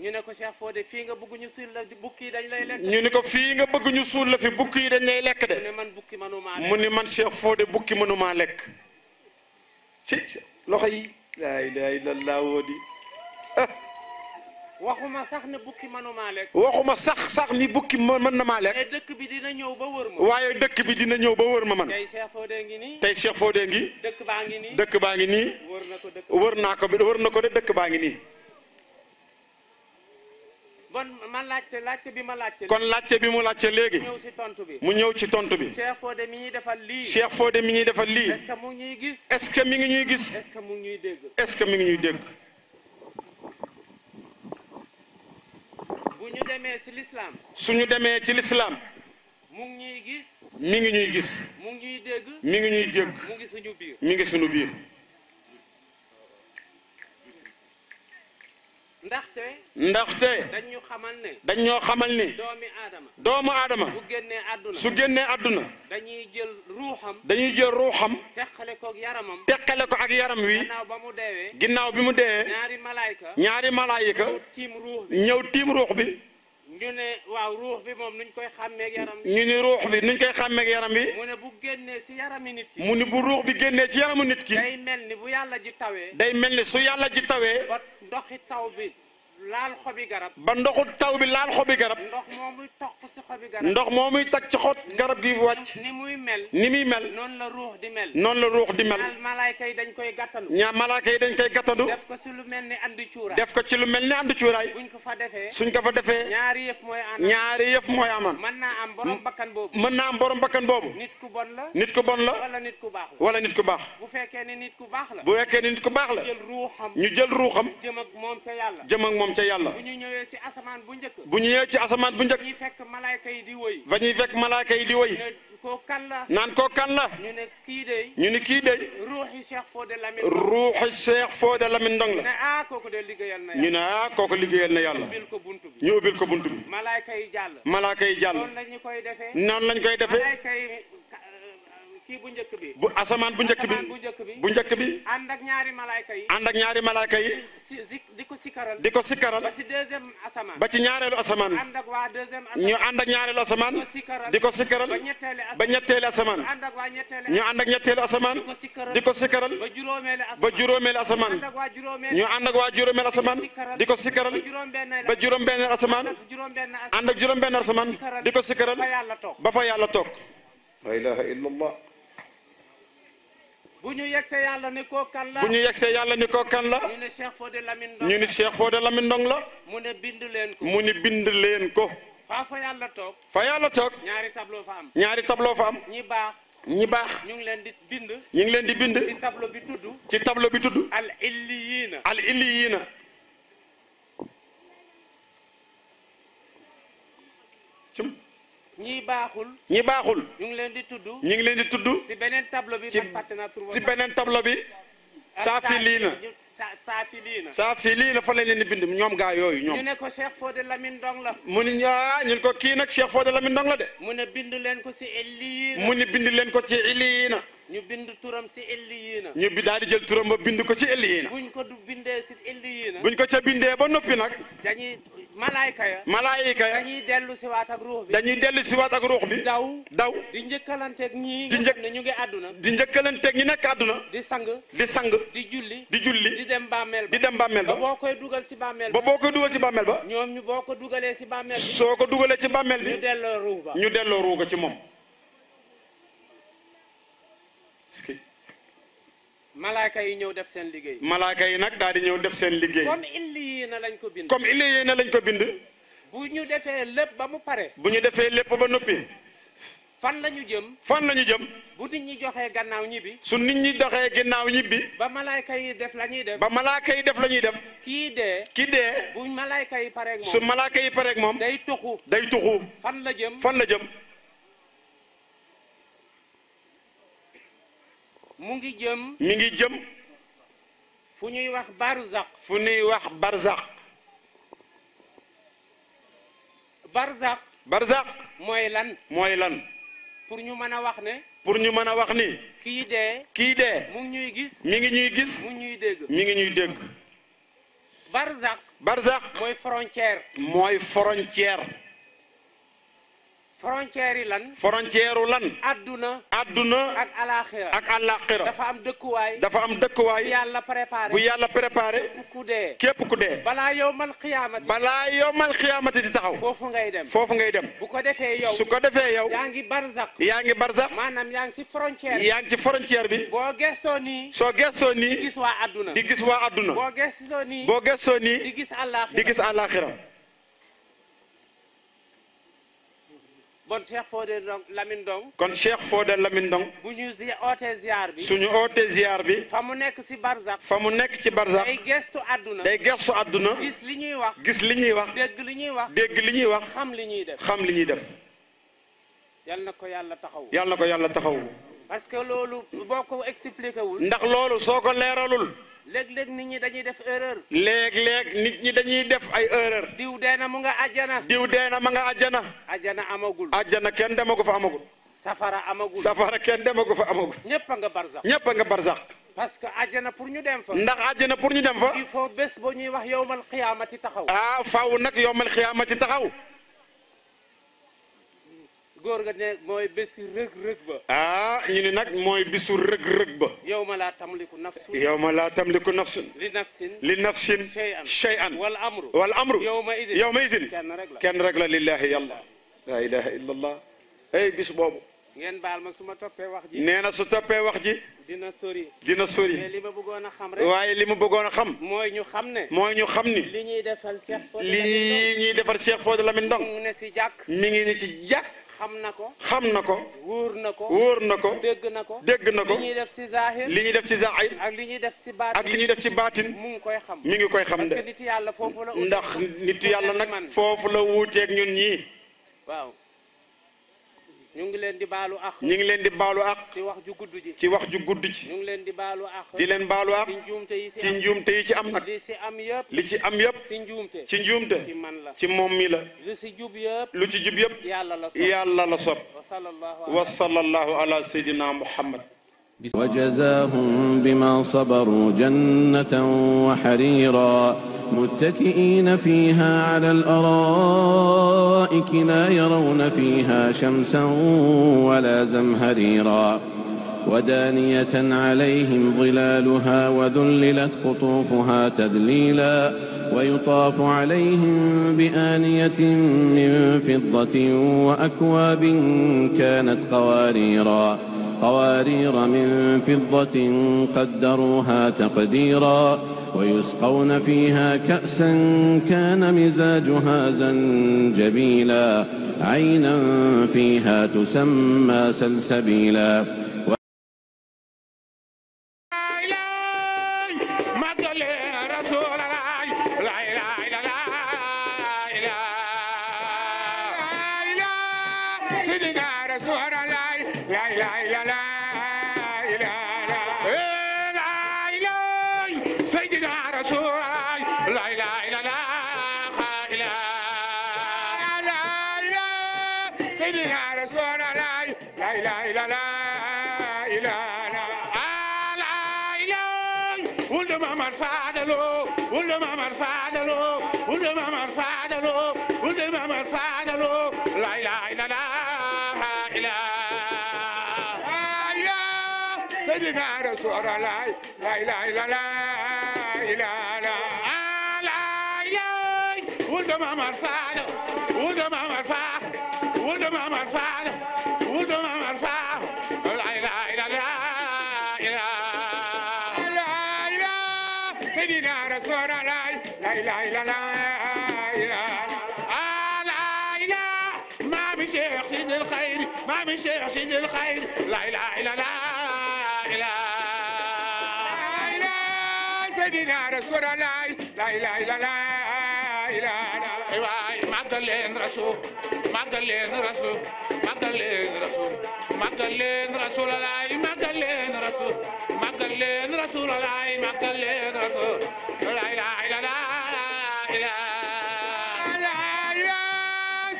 ñu ne ko Cheikh fii nga bëgg ñu suul la yi dañ lay ñu ne ko fii nga bëgg suul la fi bukki yi dañ lay lekk de. mu ne man bukki mënumaa lekk mu ne man Cheikh Fodé bukki manuma lekk. ci loxo yi. laa ilaaha illallaah woo di ah. waxuma sax ne bukki mënumaa lekk. waxuma sax sax ni bukki mën na maa lekk. dëkk bi dina ñëw ba wër ma. waaye dëkk bi dina ñëw ba wër ma man. tey Cheikh Fodé ngi tey Cheikh ngi. dëkk baa ngi nii. dëkk baa ngi nii. wër na ko wër naa ko wër na ko de dëkk baa ngi nii. bon man laajte laajte bi ma laajte. kon laajte bi mu laajte léegi. mu ñëw ci tontu bi mu ñëw ci tontu bi. Cheikh Fodé mi ñuy defal lii. Cheikh Fodé mi ñuy defal lii. est-ce que mu ngi ñuy gis. est-ce ngi ñuy gis. est-ce mu ngi ñuy dégg. est-ce que mi ñu demee ci l'islam. suñu demee ci lislaam mu ngi ñuy gis. mi ngi ñuy gis. mu ngi ñuy dégg. mi ngi ñuy dégg. mu ngi suñu biir mi ngi suñu biir. ndaxte dañ ñu xamal ne dañ ñoo xamal ni doomi aadama doomu aadama bu génnee àdduna su génnee àdduna dañuy jël ruuxam dañuy jël ruuxam teqale ko ak yaramam teqale ko ak yaram wi ginnaaw ba mu deewee ginnaaw bi mu deewee ñaari malaayika ñaari malaayika ñëw tiim ruux bi ñëw tiim bi ñu ne waaw ruux bi moom nuñ koy xàmmeeg ñu ni ruux bi nuñ koy xàmmeek yaram wi mu ne bu génnee ci yaramu nit ki mu ni bu ruux bi génnee ci yaramu nit ki day mel ni bu yàlla ji tawee day mel ni su yàlla ji tawee ba taw bi laal xobi garab ba ndoxu taw bi laal xobi garab ndox moo muy toq ci xobi garab ndox moo muy tag ci xot garab gi wàcc ni muy mel ni muy mel noonu la ruux di mel noonu la ruux di mel malaayka yi dañ koy gàttandu ñaa malaayka dañ koy gàttandu def ko ci lu mel ni andu cuuraay def ko ci lu mel ni andu cuuraay buñ ko fa defee suñ ko fa defee ñaari yëf mooy am ñaari yëf mooy aman mën naa am borom bakkan boobu mën naa borom bakkan boobu nit ku bon la nit ku bon la wala nit ku baax la wala nit ku baax bu fekkee ni nit ku baax la bu fekkee ni nit ku baax la ñu jël ruuxam ñu jël ruuxam jëm ak moom jëm ak moom moom ca yàlla. bu ñu ñëwee ci asamaan bu njëkk. bu ñu ñëwee ci asamaan bu njëkk. ba ñuy fekk malaaka yi di woy. ba ñuy fekk malaaka yi di woy. koo kan la naan koo kan la. ñu ne kii dey. ñu ne kii dey. ruuxi Cheikh Fodé Lamine. ruuxi Cheikh Fodé Lamine Ndong la. ñu ne ah kooku de liggéeyal na yàlla. ñu ne ah kooku liggéeyal na yàlla. ñu ubbil ko buntu bi. ñu ubbil ko buntu bi. malaaka yi jàll. malaaka yi jàll. noonu lañ koy defee. noonu lañ koy defee. kii bu njëkk bi bu asamaan bu njëkk bi bu njëkk bi ànd ak ñaari malaayka yi ànd ak ñaari malaayka yi di ko sikkaral di ko sikkaral ba ci deuxième asamaan ba ci ñaareelu asamaan ànd ak waa deuxième asamaan ñu ànd ak ñaareelu asamaan di ko sikkaral ba ñetteelu asamaan ñu ànd ak ñetteelu asamaan di ko sikkaral ba juróomeelu asamaan ñu ànd ak waa juróomeelu asamaan di ko sikkaral ba juróom-benneelu asamaan ànd ak juróom-benneelu asamaan di ko sikkaral ba fa yàlla toog la ilaha illallah bu ñu yegsee yàlla ni ko kan la ñu yegsee yàlla ni ko kan la. la ñu ne Cheikh Fodé Lamine la. mu ne bind leen ko mu ne faa fa yàlla toog. fa yàlla toog. ñaari tableau fa am. ñaari tableau fa ñi baax. ñi ñu ngi leen di bind. ñu ngi leen di bind. ci tableau bi tudd. ci tableau bi tudd. al illiyiina. al illiyiina. ñi baaxul. ñi baaxul. ñu ngi leen di tudd. ñu ngi leen di tudd. ci beneen tableau bi man fàtte ci beneen tableau bi. saafi lii na saafi lii na. saafi lii na fa lañ leen di bind ñoom ga yooyu ñoom. ñu ne ko Cheikh Fodé Lamine Ndong la. Ah, ko kii nag Cheikh Fodé Lamine Ndong la de. mu ne bind leen ko ci illiina. mu ne bind leen ko ci illiina. ñu bind turam ci illiina. ñu bi daal di jël turam ba bind ko ci illiina. buñ ko du bindee ci illiina. buñ ko ca bindee ba noppi nag. malaayika ya malaayika ya dañuy dellu si waat ak ruux bi dañuy dellu si waat bi daw daw di njëkkalanteeg ñii di njëkk ñu ngi àdduna di njëkkalanteeg ñi nekk àdduna di sang di sang di julli di julli di dem bàmmeel ba dem bàmmeel ba boo koy dugal si bàmmeel ba boo koy dugal si bàmmeel ba ñoom ñu boo ko dugalee si bàmmeel bi soo ko dugalee ci bàmmeel bi ñu delloo ruux ba ñu delloo ruux ga ci moom malaaka yi ñëw def seen liggéey. malaaka yi nag daal di ñëw def seen liggéey. comme illiyiina lañ ko bind. comme illiyiina lañ ko bind. bu ñu defee lépp ba mu pare. bu ñu defee lépp ba noppi. fan la ñu jëm. fan lañu jëm. bu nit ñi joxee gannaaw ñibbi. su nit ñi doxee gannaaw ñibbi. ba malaayka yi def la ñuy def. ba malaayka yi def la ñuy kii dee. kii dee. bu malaayka yi pareeg moom. su malaayka yi pareeg moom. day tuxu. day tuxu. fan la jëm. fan la jëm. mu ngi jëm. mi ngi jëm. fu ñuy wax barzaq. fu ñuy wax barzaq. barzaq. barzaq. mooy lan. mooy lan. pour ñu mën a wax ne. pour ñu mën a wax ni. kii dee. kii dee. mu ngi ñuy gis. mi ngi ñuy gis. mu ngi ñuy dégg. mi ngi ñuy dégg. barzaq. barzaq. mooy frontière. mooy frontière. frontière yi lan. frontière lan. adduna. adduna ak alaxira. ak alaxira. dafa am dëkkuwaay. dafa am dëkkuwaay. bu yàlla préparé. bu yàlla préparé. képp ku dee. képp ku dee. balaa yowmal xiyaamati. balaa yowmal xiyaamati di taxaw. foofu ngay dem. foofu ngay dem. bu ko defee yow. su ko defee yow. yaa ngi barzak. yaa ngi barzak. maanaam yaa ngi ci frontière. yaa ngi ci frontière bi. boo gëstoo nii. soo gëstoo nii. di gis waa adduna. di gis waa adduna. boo gëstoo nii. boo gëstoo nii. gis alaxira. di gis alaxira. bon Cheikh Fodé Ndong Lamine Ndong kon Cheikh Fodé Lamine Ndong bu ñu zi ootee ziar bi suñu ootee ziar bi fa mu nekk ci barzak fa mu nekk ci barzak day gestu àdduna day gestu àdduna gis li ñuy wax gis li ñuy wax dégg li ñuy wax dégg li ñuy wax xam li ñuy def xam li ñuy def yal na ko yàlla taxawu yal na ko yàlla taxawu parce que loolu boo ko expliqué ndax loolu soo ko leeralul léeg-léeg nit ñi dañuy def erreur. léeg-léeg nit ñi dañuy def ay erreur. diw deena mu nga ajjana. diw deena ma nga ajjana. ajjana amagul. ajjana kenn demagu fa amagul. safara amagul. safara kenn demagu fa amagul. ñëpp a nga barzak. ñëpp a nga barzak. parce que àjjana pour ñu dem fa. ndax àjjana pour ñu dem fa. il faut bés ba ñuy wax yowmal xiyaamati taxaw. ah faaw nag yowmal xiyaamati taxaw. góor nga ne mooy bésu rëg-rëg ba. ah ñu ne nag mooy bésu rëg-rëg ba. yow ma laa tamliku nafsun. yow ma laa tamliku nafsun. li nafsin. li nafsin. shay'an wal amru. wal amru yow ma idin yow ma idin. kenn rek la kenn rek la lillahi yàlla. laa ilaha illallah. ay bis boobu. ngeen baal ma su ma toppee wax ji. nee na su toppee wax ji. dina sori. dina sori. mais li ma bëggoon a xam rek. waaye li ma bëggoon a xam. mooy ñu xam ne. mooy ñu xam ni. li ñuy defal Cheikh Fodé Lamine Ndong. li ñuy defal Cheikh Fodé Lamine Ndong. mu ngi ne si jàkk. mi ngi ne ci jàkk. xam na ko xam na ko wóor na ko wóor na ko dégg na ko dégg na ko li ñuy def ci zaahir li ñuy def ci zaahir ak li ñuy def ci baatin ak li ñuy def ci baatin mu ngi koy xam mi ngi koy xam de ndax nitu yàlla nag foofu la wuuteeg ñun ñii waaw ñu ngi leen di baalu ak ñu ngi leen di baalu àq. ci wax ju gudd ji. ci wax ju gudd ji. ñu ngi leen di baalu àq. di leen baalu àq. ci njuumte yi ci ci am nag. li ci am yëpp. li ci am yëpp. ci njuumte. ci njuumte. ci man la. ci moom mi la. lu ci jub yëpp. lu ci jub yëpp. yàlla la sopp. yàlla la sopp. wa sallallahu ala sayyidina muhammad وجزاهم بما صبروا جنة وحريرا متكئين فيها على الأرائك لا يرون فيها شمسا ولا زمهريرا ودانية عليهم ظلالها وذللت قطوفها تذليلا ويطاف عليهم بآنية من فضة وأكواب كانت قواريرا قوارير من فضة قدروها تقديرا ويسقون فيها كأسا كان مزاجها زنجبيلا عينا فيها تسمى سلسبيلا اله الا لا اله لا لا اله والدمع مرفعه والدمع لا لا لا لا لا لا لا Seydina Rasulullah la ilaha illallah waay màggal leen Rasul màggal leen Rasul màggal leen Rasul màggal leen Rasulullah màggal leen Rasul màggal leen Rasulullah màggal leen Rasul la ilaha illallah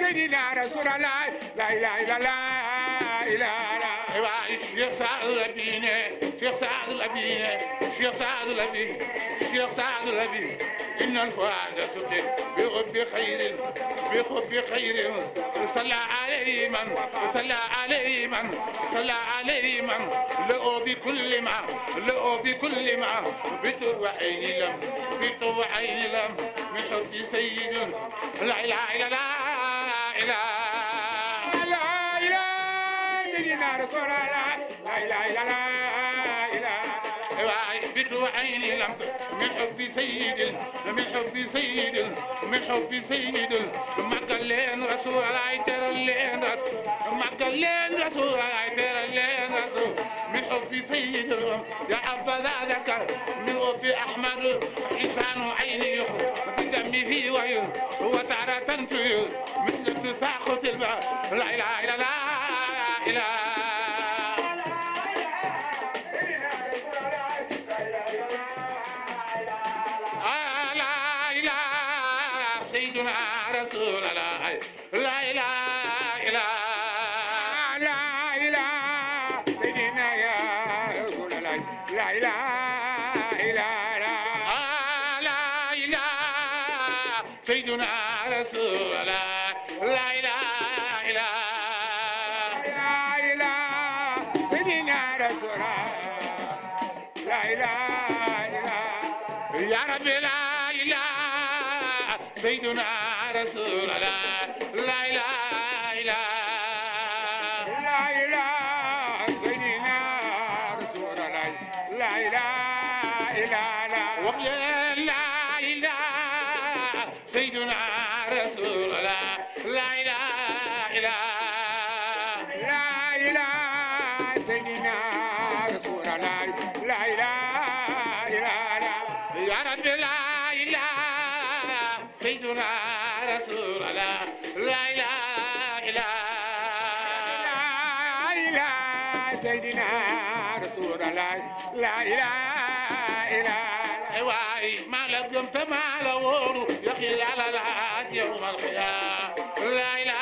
Seydina Rasulullah la ilaha illallah الشيخ سعد الأبينة الشيخ سعد الأبينة الشيخ سعد الأبينة الشيخ سعد الأبينة إن الفؤاد سقي بحب خير بحب خير صلى عليه من صلى عليه من صلى عليه من لقوا بكل ما لقوا بكل ما بتوب عيني لم بتوب عيني لم من حب سيد لا إله إلا لا إله رسول الله لا إله إلا الله بيت عيني لم من حب سيد من حب سيد من حب سيد ما قال رسول الله ترى لين رسول ما قال رسول الله ترى لين رسول من حب سيد يا عبد ذكر من حب احمد لسان عيني يخرج بدمه وهو وتارة مثل تساقط البحر لا اله الا الله لا اله رسول الله لا إله إلا لا إله سيدنا رسول الله لا إله إلا واي ما لقمت ما لورو يا أخي لا لا لا يوم القيامة لا إله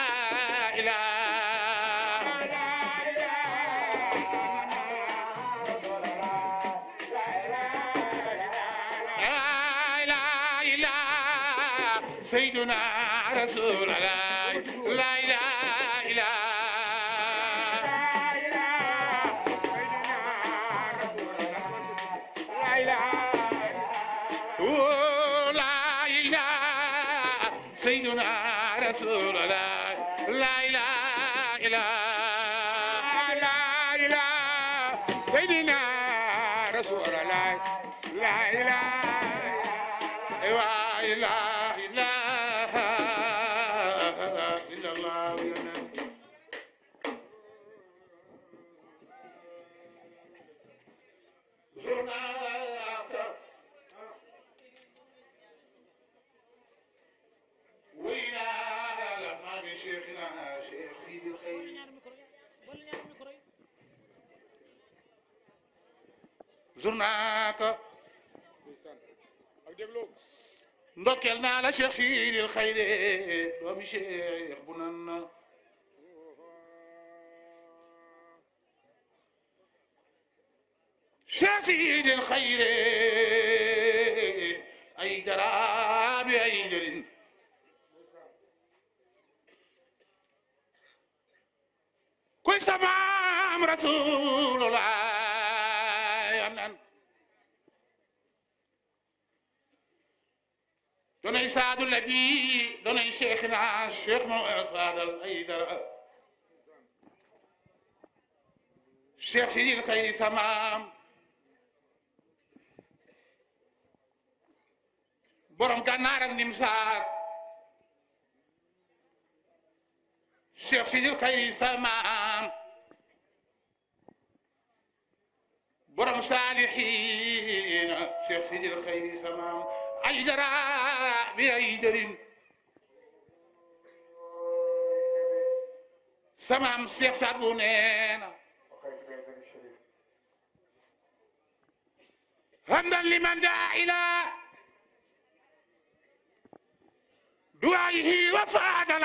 zurnaaka ndokkel naa la cheikh sidil xayre doomi cheikh bu nan cheikh sidil xayre ay daraabi ay njëriñ kuy samaam rasulullah دوني سعد الذي دوني شيخ شيخ موقف هذا الهيدر شيخ سيدي الخير سمام برم كان نارك نمسار شيخ سيدي الخير سمام برم صالحين شيخ سيدي الخير سمام أيدرا بأيدرين سمام سيخ سابونين حمدا لمن دعا إلى دعائه وفعل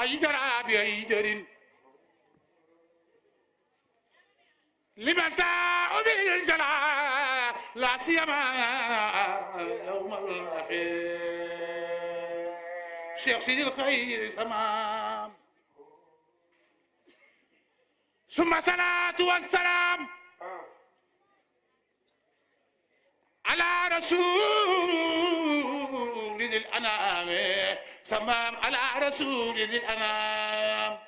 أيدرا بأيدرين لمتاع بالجلال لا سيما يوم الرحيل شيخ سيدي الخير تمام ثم صلاة والسلام على رسول ذي الأنام سمام على رسول ذي الأنام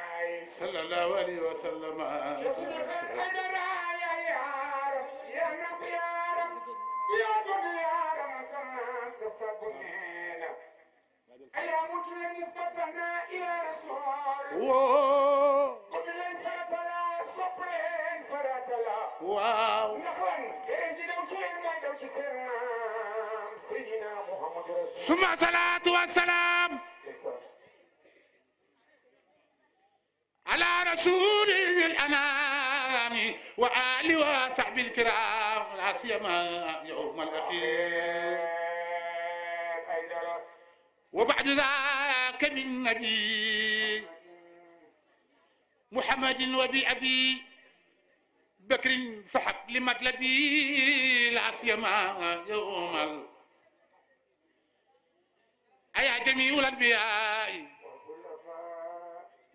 صلى الله عليه وسلم أيا مجرم مستقنا إلى رسول قبلين فراتلا سبرين فراتلا واو نخوان كيجي لو جير ما يدوش سيرنا سيدنا محمد رسول ثم صلاة وسلام على رسول الأنام وآل وصحب الكرام لا سيما يوم الأخير وبعد ذاك بالنبي محمد وبأبي بكر فحب لمطلبي لا سيما يوم أيها جميع الأنبياء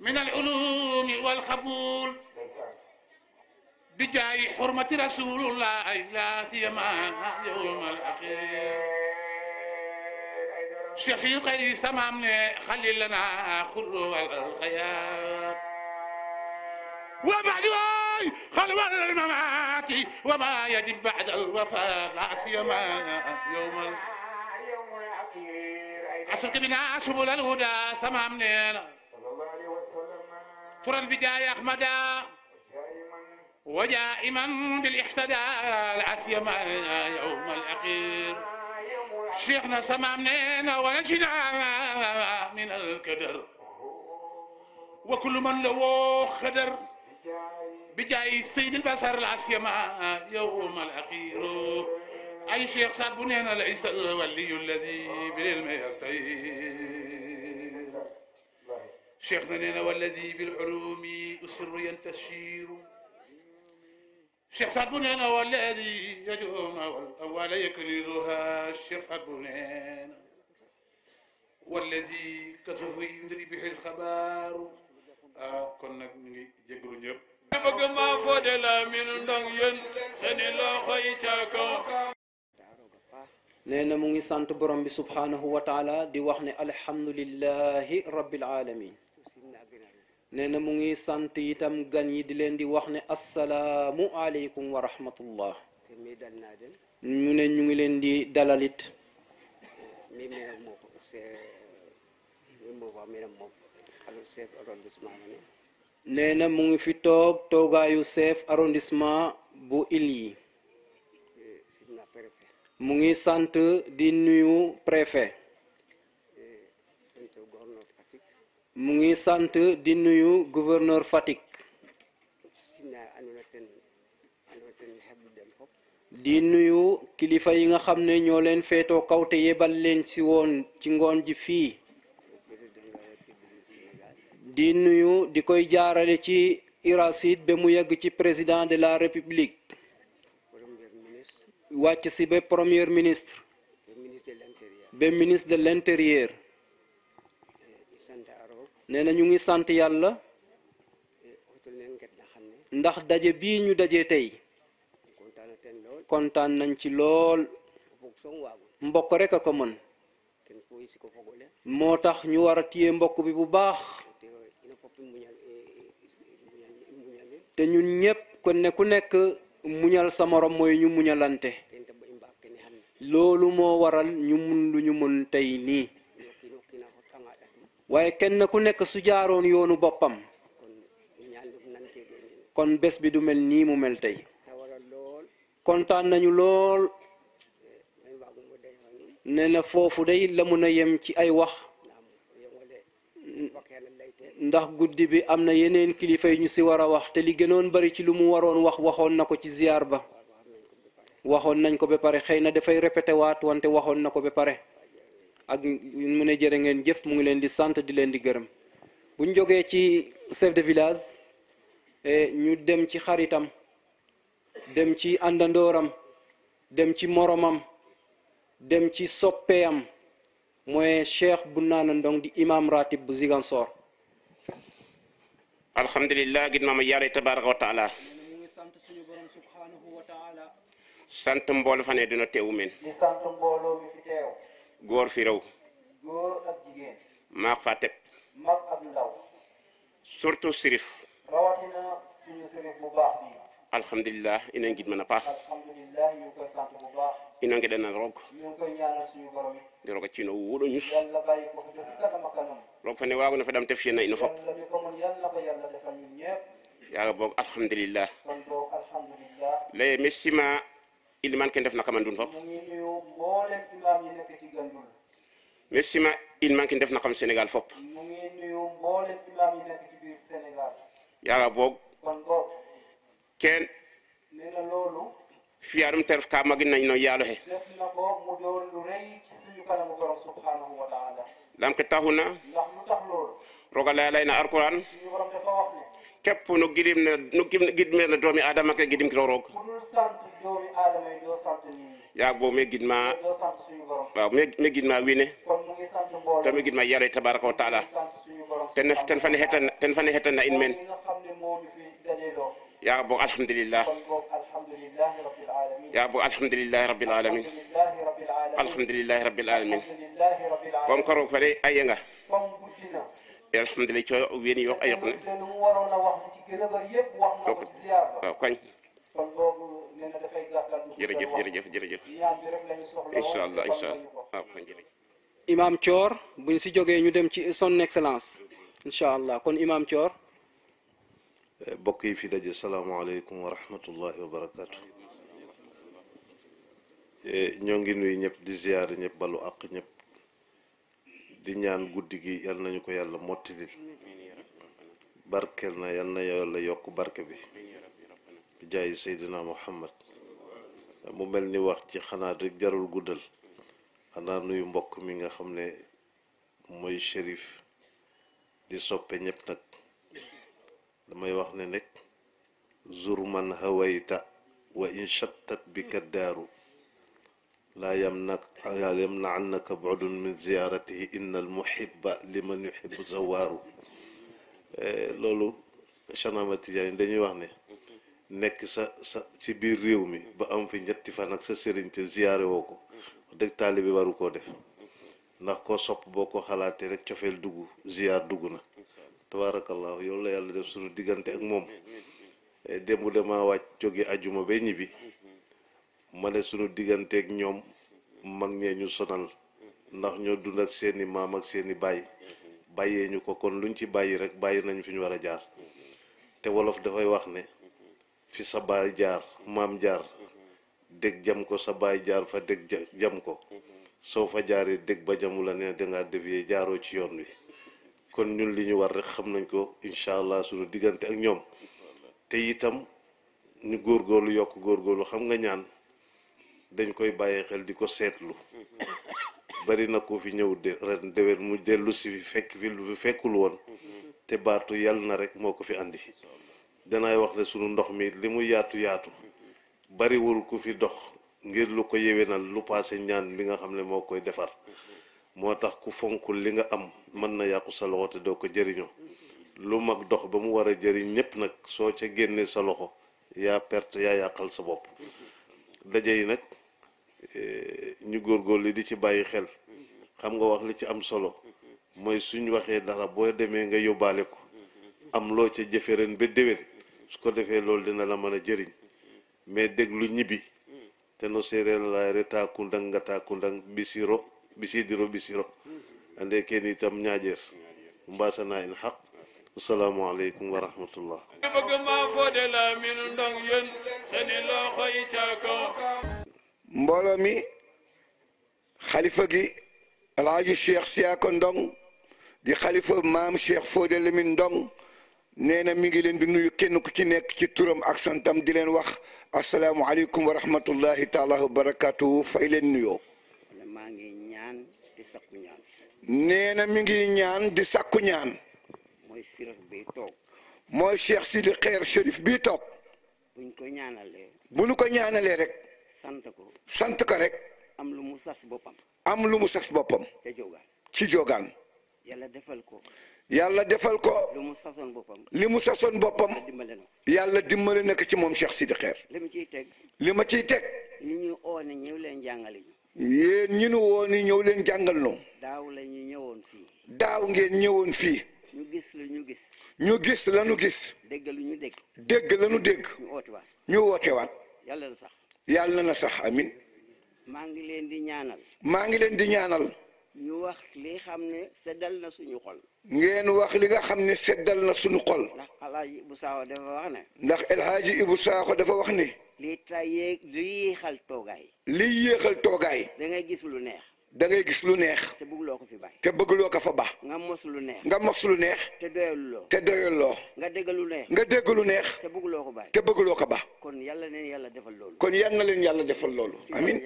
من العلوم والقبول نعم. بجاي حرمة رسول الله لا سيما يوم الأخير نعم. شيخي خير سمام خلي لنا كل الخيار وبعد واي خلو الممات وما يجب بعد الوفاة لا سيما نعم. يوم الأخير أسرق بنا سبل الهدى سمام قرى البداية أخمدا وجائما بالاحتداء العسيما يوم الأخير شيخنا سمع منين ونجد من الكدر وكل من لو خدر بجاي سيد البصر العسيما يوم الأخير أي شيخ سعد بنينا العيسى الولي الذي بالعلم يستيقظ شيخنا نينا والذي بالعلوم أسر ينتشير شيخ سعد بنينا والذي يجوم والأول يكنزها الشيخ سعد بنينا والذي كثف يدري به الخبار آه كنا نجيبلو نيب bëgg ma fodé la min ndong yeen seen loxo yi ca kaw nee na mu ngi sant borom bi subhanahu wa taala di alhamdulillahi rabbil alamin nee na mu ngi sant itam gan yi di leen di wax ne assalaamu aleykum wa rahmatullah mu ne ñu ngi leen di dalalit nee na mu ngi fi toog toogaayu chef arrondissement bu il yi eh, mu ngi sant di nuyu préfet mu ngi sant di nuyu gouverneur Fatick di nuyu kilifa yi nga xam ne ñoo leen feetoo kaw te yebal leen si woon ci ngoon ji fii di nuyu di koy jaarale ci irasid ba mu yegg ci président de la république wàcc si ba premier ministre ba ministre de l'intérieur nee ñu ngi sante yalla ndax daje bi ñu daje tay kontaan nañ ci lool mbokk rek ko mën motax ñu wara a mbokk bi bu baax te ñun ko ne ku nekk muñal sa morom moy ñu muñalante mo waral ñu mundu ñu mun tay ni waaye kenn ku nekk su jaaroon yoonu boppam kon bés bi du mel nii mu mel tey kontaan nañu lool ne na foofu day la mun a yem ci ay wax ndax guddi bi am na yeneen kilifa yi ñu si war a wax te li gënoon bari ci lu mu waroon wax waxoon na ko ci ziyaar ba waxoon nañ ko ba pare xëy na dafay répété waat wante waxoon na ko ba pare ak mu ne jërë ngeen jëf mu ngi leen di sant di leen di gërëm bu ñu ci chef de village e, ñu dem ci xaritam dem ci àndandooram dem ci moromam dem ci soppeeyam mooy Cheikh bu Ndong di imam ratib bu Ziguinchor alhamdulilah ginnaaw sant mboolu fa ne dina teewu men. góor fi raw góor ak jigéen maak fa teb mag ak ndaw surtout sirif rawatina suñu sirif bu baax bi alhamdulilah ina ngi mën a paax alhamdulilah ñu ko sant bu baax ina ngi dana rog ñu ko ñaanal suñu borom yi di roga ci no wudo ñus yalla bàyyi ko fi ci kanam kanam rog fa ne waagu na fa dam tef na ina fop yalla ñu ko mën yalla ko yalla defal ñun ñëpp yaa boog alhamdulilah kon boog alhamdulilah lay mesima iliman ke ndefna kam andun fop mais sima iliman ke ndefna kam sénégal fop yaga boog ken fiyarum teref ka magin nañ no yaalo he lam ke taxuna roga layalay na alquran képp nu gidim na nu gidmir na doomi adama ke gidim kiro roog yaag bo megidma waaw megidma wiine to megidma yare tabaraka wa ten fane hetana in men yaa boog alhamdulilah yaa boog alhamdulilahi rabil alamin alhamdulilahi rabil alamin comme que fane a yenga alhamdulilah wiin yoq a yoq jërëjëf jërëjëf ah, jërëjëf. ñaan allah incha imaam Thior bu ñu si jogee ñu dem ci son excellence. incha allah kon imaam Thior. Eh, mbokk yi fi daje salaamaaleykum wa rahmatullahi wa barakaatu. Eh, ñoo ngi nuyu ñëpp di ziyaar ñëpp balu àq ñëpp di ñaan guddi gi yal nañu ko yàlla mottilil barkeel na yal na yàlla yokk barke bi جاي سيدنا محمد مو ملني وقت خنا رك جارو الجدل خنا نوي مبك مينغا خملة موي شريف دي سو بنيب لما يوحنا نك زور من هويتا وإن شتت بك الدار لا يمنعك لا يمنع عنك بعد من زيارته إن المحب لمن يحب زواره لولو شنامتي جاي دنيو وحنا nekk sa sa ci biir réew mi ba am fi ñetti fan ak sa sëriñ te ziyaare woo ko dëgg taalibe waru koo def ndax ko sopp boo ko xalaatee rek cofeel dugg ziyaar dugg na tabaarakallaahu yow la yàlla def suñu diggante ak moom eh, démb dama wàcc jóge ajuma ba ñibbi ma ne suñu diggante ñoom mag ñee ñu sonal ndax ñoo dund ak seeni maam ak seeni bàyyi bàyyee ñu ko kon luñ ci bàyyi rek bàyyi nañ fi ñu war a jaar te wolof dafay wax ne fi sa baay jaar maam jaar dég jam ko sa baay jaar fa dég jam ko soo fa jaaree dég ba jamula la danga dangaa dévier jaaroo ci yoon wi kon ñun li ñu war rek xam nañ ko incha allah suñu diggante ak ñoom te itam ñu góorgóorlu yokk góor góorgóorlu xam nga ñaan dañ koy bàyyi xel di ko seetlu bari na ko fi ñëw de ren déwén mu dellu si fi fekk fi lu fekkul woon te baatu yàlla na rek moo ko fi andi danaay wax ne sunu ndox mi li mu yaatu yaatu bariwul ku fi dox ngir lu ko yéwénal lu paase ñaan bi nga xam ne moo koy defar moo tax ku fonkul li nga am mën na yàqu sa loxo te doo ko jëriñoo lu mag dox ba mu war a jëriñ ñépp nag soo ca génnee sa loxo yaa perte yaa yàqal sa bopp daje yi nag eh, ñu góor góor li di ci bàyyi xel xam nga wax li ci am solo mooy suñ waxee dara boo demee nga yóbbaale ko am loo ca jëfe ren ba déwén su ko defee loolu dina la mën a jëriñ mais déglu ñibbi te no séeréer la reta kundang ngata kundang bisiro bisidiro bisiro ande ken itam ñaajeer mbasana in xaq assalamu aleykum wa rahmatullah bëgg ma ndong yéen seni loxo yi caako mbooloo mi xalifa gi alaaji cheikh siyaako ndong di xalifa maam cheikh fode lamin ndong nee na mi ngi leen di nuyu kenn ku ci nekk ci turam ak santam di leen wax asalaamualeykum wa rahmatullahi taala wa barakaatu fay leen nuyoo. maa ngi ñaan di na mi ngi ñaan di sakku ñaan. mooy Chérif bi toog. mooy Cheikh Sidi Xeer Chérif bii toog. buñ ko ñaanalee. bu ñu ko ñaanalee rek. sant ko rek. am lu mu sas boppam. am lu mu sas boppam. ca Jogaan ci Jogaan. yàlla defal ko. yàlla defal ko. li mu sasoon boppam. yàlla dimbale na ci moom Cheikh Sidi Xeer. li ma ciy teg. li ciy teg. yi ñu oo ne leen jàngale yéen ñu nu woo ni ñëw leen jàngal noonu. daaw ngeen ñëwoon fii. ñu gis la ñu gis. ñu gis la ñu gis. dégg la ñu dégg. dégg la ñu dégg. ñu yàlla na sax. amin maa ngi leen di ñaanal. ñu wax li xam ne seddal na suñu xol. ngeen wax li nga xam ne seddal na suñu xol. ndax El Hadj Ibou Sakho dafa wax ne. ndax El Hadj Ibou dafa wax ne. li tayeeg li yéexal toogaay. li yéexal toogaay. dangay gis lu neex. da ngay gis lu neex. te bëgg ko fa baax. nga mos lu neex. nga mos lu neex. te doyul lo nga dégg lu neex. nga dégg lu neex. te bëgg ko baax. te kon yàlla neen yàlla defal lolu kon amin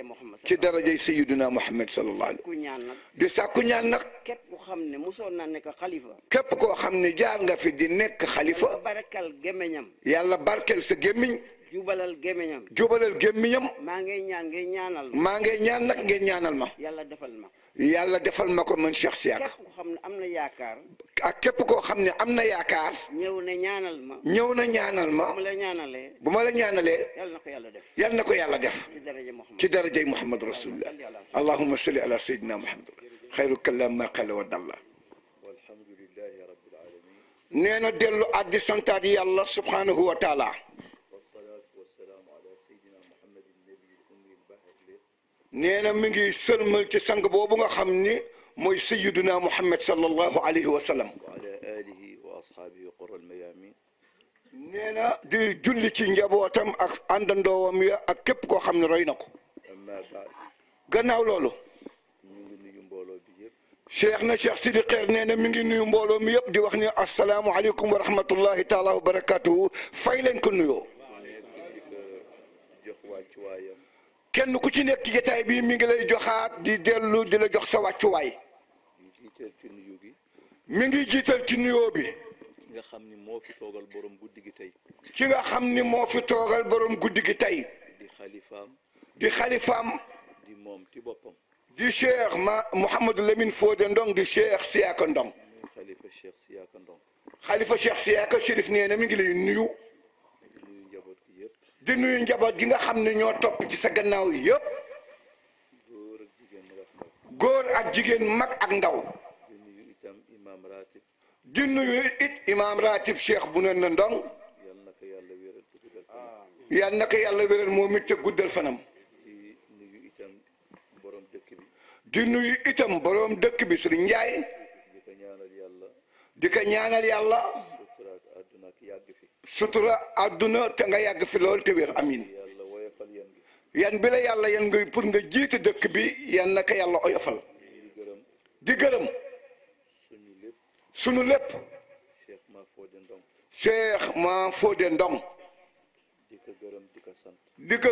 ci darajay Sayyiduna Muhammad sallallahu alayhi wa sallam. di sàkku ñaan nag. képp koo xam ne musoon naa nekk xalifa. képp koo jaar nga fi di nekk xalifa. barkal gémmiñam. yàlla barkal sa gémmiñ. jubalal gémmiñam jubalal gémmiñam maa ngay ñaan ngay ñaanal ma maa ngay ñaan nag ngeen ñaanal ma yàlla defal ma yàlla defal ma ko man Cheikh Siaka képp koo xam ne am na yaakaar ak képp koo xam ne am na yaakaar ñëw na ñaanal ma ñëw na ñaanal ma bu ma la ñaanalee bu ma la ñaanalee yàlla na ko yàlla def yàlla na ko yàlla def ci daraja Muhammad ci darajay Muhammad rasulullah allahumma salli ala sayyidina Muhammad xayru kalam ma qala wa dalla nee na dellu addi santaat yàlla subhanahu wa taala نينا ميغي سرمل تي سانغ بوبو غا خمني موي سيدنا محمد صلى الله عليه وسلم وعلى اله واصحابه وقر الميامين نينا دي جولي تي نجابوتام اك اندندو ميا اك كيب كو خامني روي اما بعد غناو لولو شيخنا شيخ سيدي خير نينا ميغي نيو مبولو مي يب دي واخني السلام عليكم ورحمه الله تعالى وبركاته فاي لنكو نيو kenn ku ci nekk jotaay bi mi ngi lay joxaat di dellu di la jox sa wàccuwaay. mi ngi jiital ci nuyoo bi. ki nga xam ni moo fi toogal borom guddi gi tey. ki nga xam ni moo fi toogal borom guddi gi tey. di xalifaam. di xalifaam. di moom ci boppam. di cheikh ma Mouhamadou Lamine Fodé Ndong di cheikh Siaka Ndong. xalifa cheikh Siaka Ndong. xalifa cheikh Siaka Chérif nee na mi ngi lay nuyu. di nuyu njaboot gi nga xam ne ñoo topp ci sa gannaaw yëpp góor ak jigéen mag ak ndaw di nuyu it imaam ratib cheikh bu ne na ndong yal na ko yàlla wéral moom it te guddal fanam di nuyu itam borom dëkk bi sëriñ Njaay di ko ñaanal yàlla sutura Aduna te nga yag fi te amin yan bi la yàlla yan pour nga jiite dëkk bi yan naka Yalla oyofal di gërëm sunu lepp Cheikh Ma Fodé Ndong di ko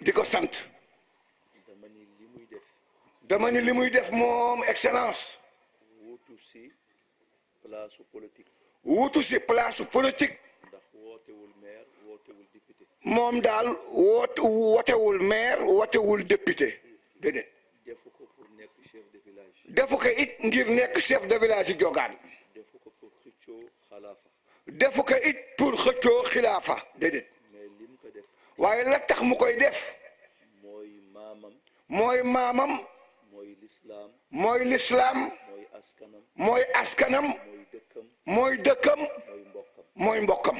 diko di dama ni def excellence place politique wutu place politique moom daal woot wotewul maire wotewul député déedéet defu ko pour nekk chef de village defu ko it ngir nekk chef de village jogaan defu ko pour xëccoo xilaafa defu ko it pour xëccoo xilaafa déedéet mais lim ko def waaye la tax mu koy def mooy maamam mooy maamam mooy lislaam mooy lislaam mooy askanam mooy askanam mooy dëkkam mooy dëkkam mooy mbokkam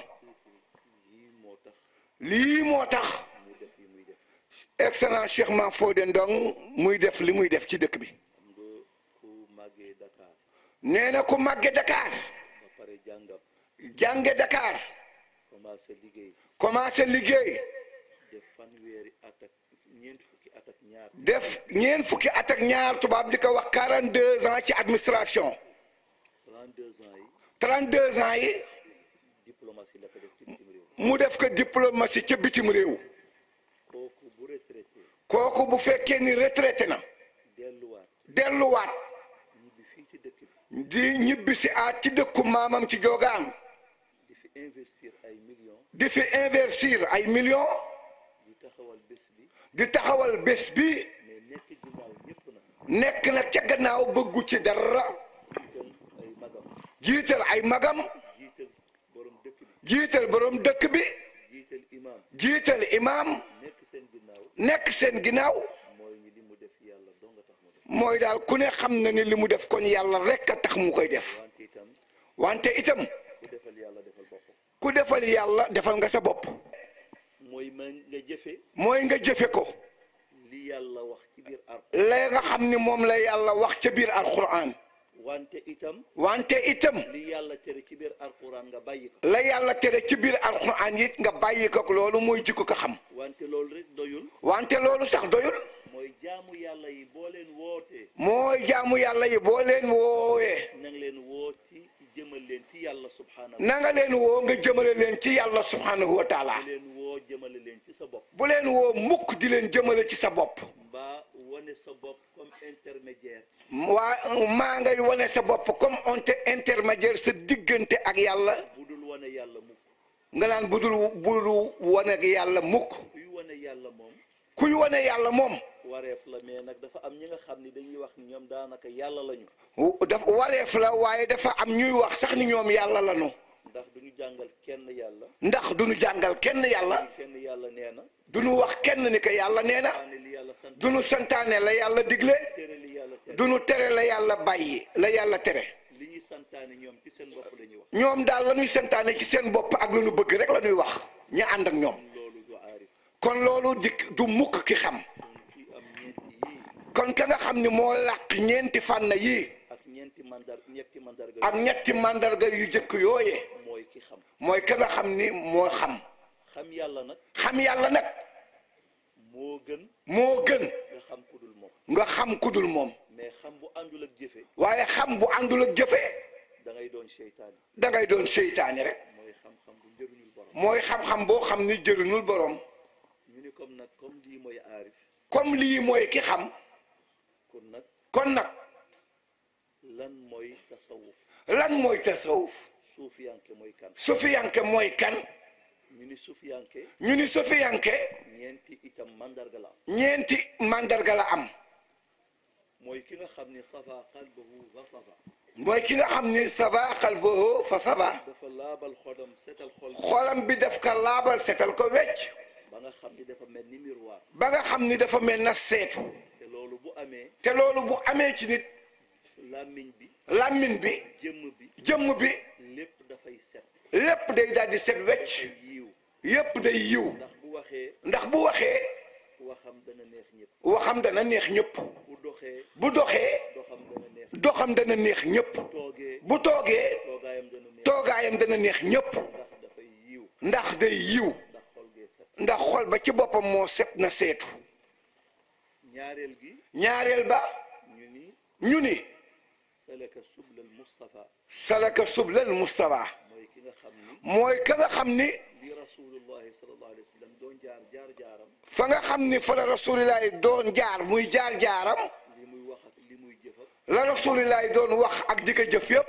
lii moo tax excellence Cheikh Mame Fodé Ndong muy def li muy def ci dëkk bi nee na ku màgge Dakar jànge Dakar commencé liggéey commencé liggéey def fanweeri at ak ñeent fukki at ñaar fukki at ñaar tubaab di ko wax quarante deux ans ci administration trente deux ans yi trente deux ans yi diplomatie la ko mu def ko diplomatie ca bitim réew kooku bu retraité kooku bu fekkee ni retraité na delluwaat delluwaat ñibbi di ñibbi si aat ci dëkku maamam ci joogaan di fi investir ay millions di fi ay millions di taxawal bés bi di taxawal bés bi nekk nag ca gannaaw bëggu ci dara jiital ay magam جيت البروم دكبي جيت الامام جيت الامام نك سن غيناو موي دال كوني خمنني لي مو ديف كون يالا ريك تاخ مو وانت إتم كو ديفال يالا ديفال nga sa bop موي ما nga jeffe موي nga jeffe ko li yalla wante itam. wante itam. li yàlla tere ci biir alxuraan nga bàyyi la yàlla tere ci biir alxuraan it nga bàyyi ko loolu mooy jikko ko xam. wante loolu doyul. wante loolu sax doyul. mooy jaamu yàlla yi boo leen wootee. mooy jaamu yàlla yi boo leen woowee. na nga leen woo jëmal leen ci yàlla subhaanahu. na nga leen woo nga jëmale leen ci yàlla subhaanahu wa taala. bu leen woo jëmale leen ci sa bopp. bu leen woo mukk di leen jëmale ci sa bopp. wane sa bopp comme intermédiaire. waa maa ngay wane sa bopp comme onte intermédiaire sa diggante ak yàlla. budul wane yàlla mukk. nga naan bu budul budul wane ak yàlla mukk. kuy wane yàlla moom. kuy wane yàlla moom. wareef la mais nag dafa am ñi nga xam ni dañuy wax ñoom daanaka yàlla lañu. dafa wareef la waaye dafa am ñuy wax sax ni ñoom yàlla lañu. ndax du ñu jàngal kenn yàlla. ndax du ñu jàngal kenn yàlla. kenn yàlla nee na. du nu wax kenn ni ko yàlla nee na du nu santaane la yàlla digle du nu tere la yàlla bàyyi la yàlla tere ñoom daal la ñuy santaane ci seen bopp ak lu nu bëgg rek la ñuy wax ñu ànd ak ñoom kon loolu di du mukk ki xam kon ka nga xam ni moo làq ñeenti fànn yii ak ñetti màndarga yu jëkk yooye mooy ka nga xam ni moo xam xam yàlla nag xam yàlla nag moo gën moo gën nga xam kudul moom nga xam kudul moom mais xam bu àndul ak jëfe waaye xam bu àndul ak jëfe da ngay doon seytaane da ngay doon seytaane rek mooy xam-xam bu jëriñul mooy xam boo xam ni jëriñul borom ñu ni comme nag comme lii mooy aarif comme lii mooy ki xam kon nag kon nag lan mooy tasawuf lan mooy tasawuf suufiyanke mooy kan suufiyanke mooy kan ñuni ni sufiyanke ñu ni sufiyanke ñeenti itam mandarga la am ñeenti mandarga am moy ki nga xamni safa qalbuhu fa safa mooy ki nga xam safa qalbuhu fa safa xolam bi daf ka laabal setal ko wecc ba nga xam dafa mel miroir ba nga xam dafa mel na te loolu bu amee te loolu bu amee ci nit làmmiñ bi làmmiñ bi jëmm bi jëmm bi lépp dafay set lépp day daal di set wecc yépp day yiw ndax bu waxee waxam dana neex ñëpp bu doxee doxam dana neex ñëpp bu toogee toogaayam dana neex ñëpp ndax day yiw ndax xol ba ci boppam moo set na seetu ñaareel gi ñaareel ba ñu ni salaka sublal Mustafa salaka sublal mooy ka nga xam ni. fa nga xam ni fa la rasulillahi doon jaar muy jaar jaaram. la rasulillahi doon wax ak di ko jëf yëpp.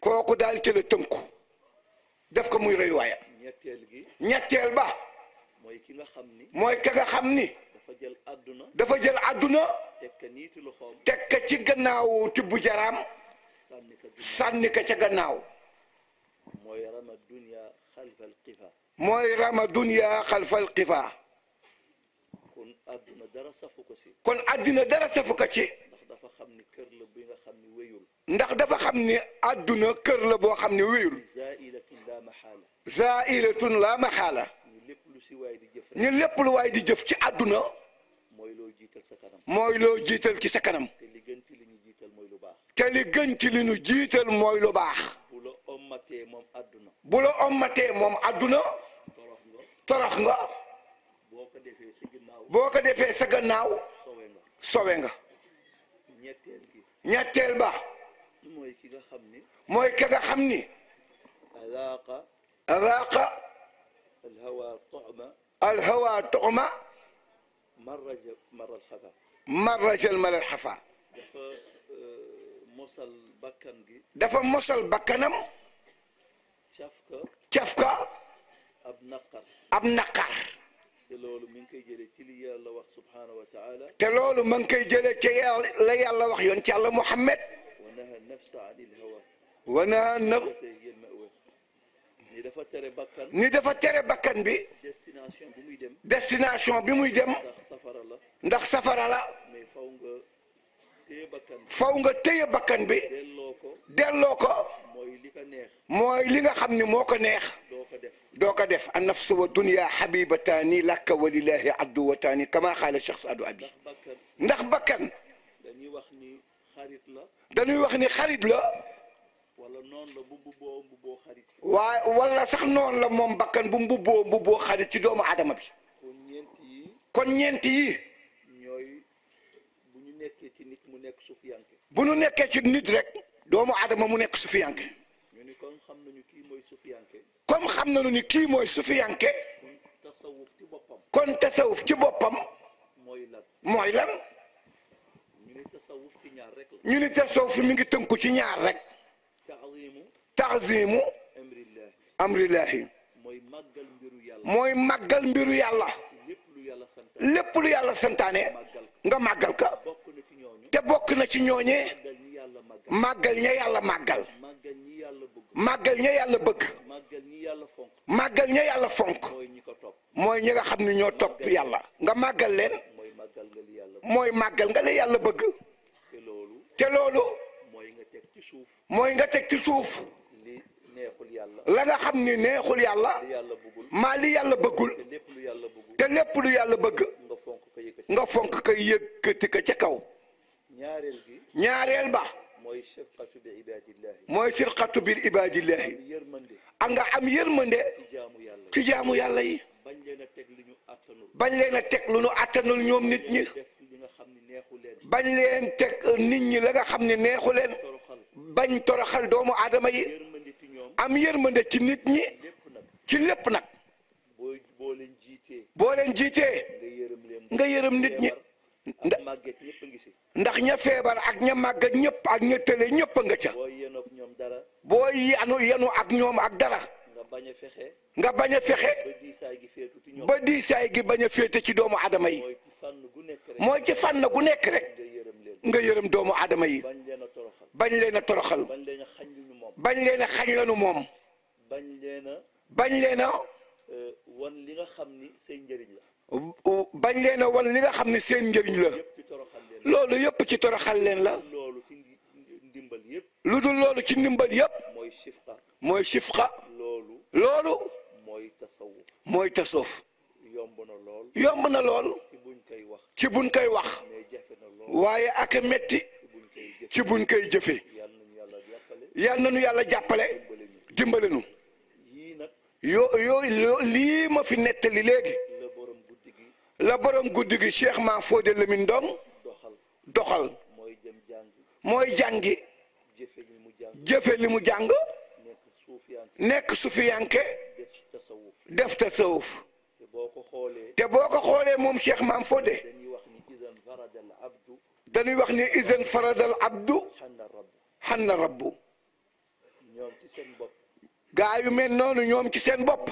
kooku daal ci la tënku. def ko muy rëy waaya. ñetteel ba. mooy ki nga xam ni. mooy ka nga xam ni. dafa jël àdduna. dafa jël àdduna. teg ka ci gannaaw tibb jaraam. sànni ka ca gannaaw. mooy rama dunya xalfal qifa mooy rama dunya xalfal qifa kon àddina dara safu ko ci kon àddina dara safu ko ci ndax dafa xam ni kër la bi nga xam ni wéyul ndax dafa xam ni àdduna kër la boo xam ni wéyul zailatun la maxaala zailatun la maxaala ni lépp lu si waay di jëf ni lépp lu waay di jëf ci àdduna mooy loo jiital sa kanam mooy loo jiital ci sa kanam te li gën ci li ñu jiital mooy lu baax te li gën ci li ñu jiital mooy lu baax ommatee moom adduna bu la ommatee moom adduna torox nga torox nga boo ko defee sa gannaaw boo ko defee sa gannaaw sowe nga sowe nga ñetteel gi ñetteel ba mooy ki nga xam ni mooy ki nga xam ni alaaqa alaaqa alhawa toxma alhawa toxma marraj maral xafa marrajal maral xafa dafa mosal bakkan gi dafa mosal bakkanam تفكر أبنقر أبنقر تلول من كي الله سبحانه وتعالى تلول من كي جلي تلي الله الله محمد ونهى النفس عن الهوى ونهى النفس ni dafa tere bakkan bi destination bi muy dem destination bi muy dem ndax safara la ndax safara la faw nga téye bakkan bi delloo ko mooy li nga xamni moko neex doko def an nafsu wa dunya habibatani xabibataani lakka walilahi adduwataani kama khala shakhs adu abi ndax bakkan dañuy wax ni kharit la dañuy wax ni kharit la wala non la bu bu mbubboo mbubboo xarit waaye wala sax non la mom bakkan bu bu bo bu bo kharit ci doomu adama bi kon ñeent yi nekk sufiyanke bu nu nekkee ci nit rek doomu aadama mu nekk sufiyanke ñu ni comme xam nañu kii mooy sufiyanke comme xam nañu ni kii mooy sufiyanke kon tasawuf ci boppam kon tasawuf ci boppam mooy lan mooy lan ñu ni tasawuf ci rek ñu ni tasawuf mi ngi tënku ci ñaar rek taxzimu taxzimu amrillahi mooy màggal mbiru yàlla mooy màggal mbiru yàlla lépp lu yàlla santaane nga màggal ka te bokk na ci ñooñee màggal ña yàlla màggal màggal ña yàlla bëgg màggal ña yàlla fonk mooy ñi nga xam ne ñoo topp yàlla nga màggal leen mooy màggal nga la yàlla bëgg te loolu mooy nga teg ci suuf la nga xam ni neexul yàlla maa li yàlla bëggul te lépp lu yàlla bëgg nga fonk ko yëkkati ko ca kaw ñaareel gi ñaareel ba mooy sirqatu bi ibadillahi mooy sirqatu bi ibadillahi am nga am yërmande ci jaamu yàlla yi bañ leen a teg lu ñu attanul bañ leen a teg lu ñu attanul ñoom nit ñi bañ leen teg nit ñi la nga xam ne neexu leen bañ toroxal doomu aadama yi am yërmande ci nit ñi ci lépp nag boo leen jiitee nga yërëm nit ñi ndax ña feebar ak ña màggat ñëpp ak ña tële ñëpp a nga ca. boo yenu ak ñoom dara. boo yanu yenu ak ñoom ak dara. nga bañ a fexe. nga bañ a fexe. ba diisaay gi féetu ci ñoom. bañ a féete ci doomu aadama yi. mooy ci fànn gu nekk rek. nga yërëm doomu aadama yi. bañ leen a toroxal. bañ leen a toroxal. bañ leen xañ lañu moom. bañ leen xañ lañu moom. bañ leen a. bañ leen a. Euh, wan li nga xam ni say njëriñ la. bañ leen a wan li nga xam ne seen njëriñ la loolu yëpp ci toroxal leen la lu dul loolu ci ndimbal yëpp mooy sifqa loolu mooy tasawuf yomb na lool ci buñ koy wax waaye ak metti ci buñ koy jëfe yal na nu yàlla jàppale dimbale nu yoo yoo lii ma fi nettali léegi. la borom guddigi Cheikh ma Fodé Lamine dom doxal moy jàngi jëfe li mu jàng nek soufiyanke def tasawuf te boko xolé mom Cheikh Maam Fodé dañuy wax ni izan farad faradal abdu xanna rabbu gaay yu mel nonu ñom ci seen bop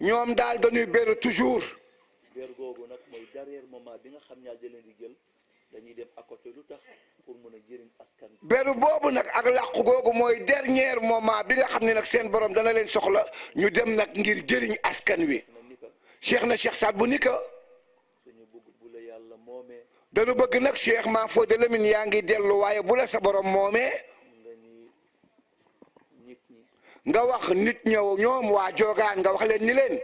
ñom dal dañuy béru toujours beer googu nag mooy dernier moment bi xam ñaar jëleen di jël dañuy dem accoté lu tax pour mën a jëriñ askan bi beru boobu nag ak làqu googu mooy dernier moment bi nga xam ne nag seen borom dana leen soxla ñu dem nag ngir jëriñ askan wi cheikh na cheikh Saad bu ni ka suñu bëgg bu la yàlla moomee bëgg nag cheikh maa foo de Lamine yaa ngi dellu waaye bu la sa borom moomee nga wax nit ñëw ñoom waa joogaan nga wax leen ni leen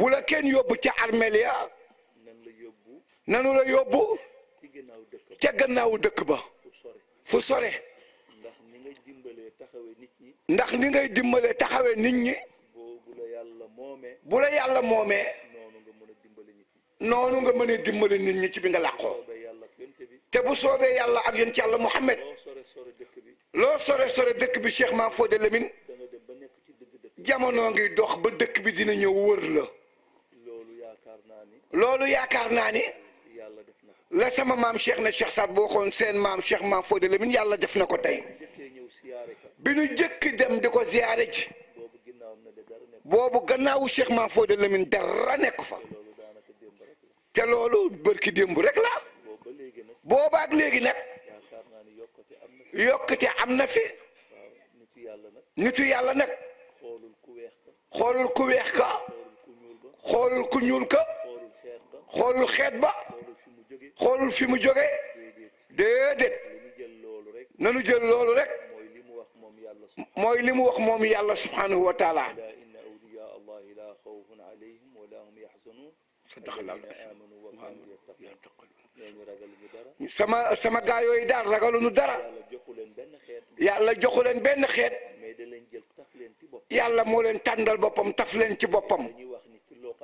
bu la kenn yóbbu ca armeel ya nanu la yóbbu ca gannaaw dëkk ba fu sore ndax ni ngay dimbalee taxawee nit ñi ndax ni ngay dimbalee taxawee nit ñi bu la yàlla moomee bu la yàlla moomee noonu nga mën a dimbale nit ñi ci bi nga làqoo te bu soobee yàlla ak yonent yàlla Muhammad loo sore sore dëkk bi Cheikh Maam Fodé Lamine jamono ngi dox ba dëkk bi dina ñëw wër la loolu yaakaar naa ne la sama maam Cheikh na Cheikh Saad boo xoon seen maam Cheikh maam Fodé Lamine yàlla def na ko tey bi ñu jëkk dem di ko ziyaare ji boobu gannaawu Cheikh maam Fodé Lamine dara nekk fa te loolu bërki démb rek la boobaak léegi nag yokkute am na fi nitu yàlla nag xoolul ku weex ka xoolul ku ñuul ka xoolul xeet ba xoolul fi mu jóge déedéet nanu jël loolu rek mooy li mu wax moom yàlla subhanahu wa taala sama sama gaa yooyu daal ragaluñu dara yàlla joxu leen benn xeet yàlla moo leen tàndal boppam taf leen ci boppam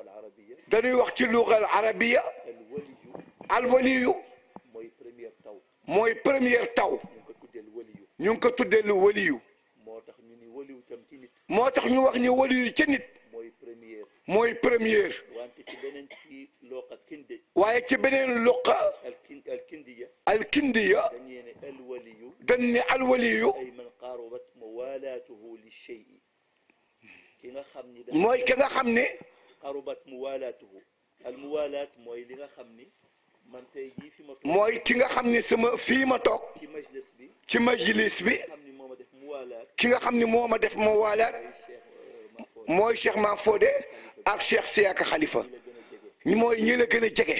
العربية وقت اللغة العربية الولي الولي موي بريمير تاو موي بريمير تاو موي بريمير موي بريمير وانتي تي بنين تي لوقا كيندي وايي الكندية الكندية الولي الولي اي قاربت موالاته للشيء موي كيغا خامني qarubat muwalaatuhu al muwalaat mooy li nga xam ni man tey jii fi ma mooy ki nga xam ni sama fii ma toog ci majlis bi ci majlis bi ki nga xam ni moo ma def muwalaat mooy Cheikh euh, Mame Fodé ak Cheikh Siaka Khalifa mooy ñi la gën a jege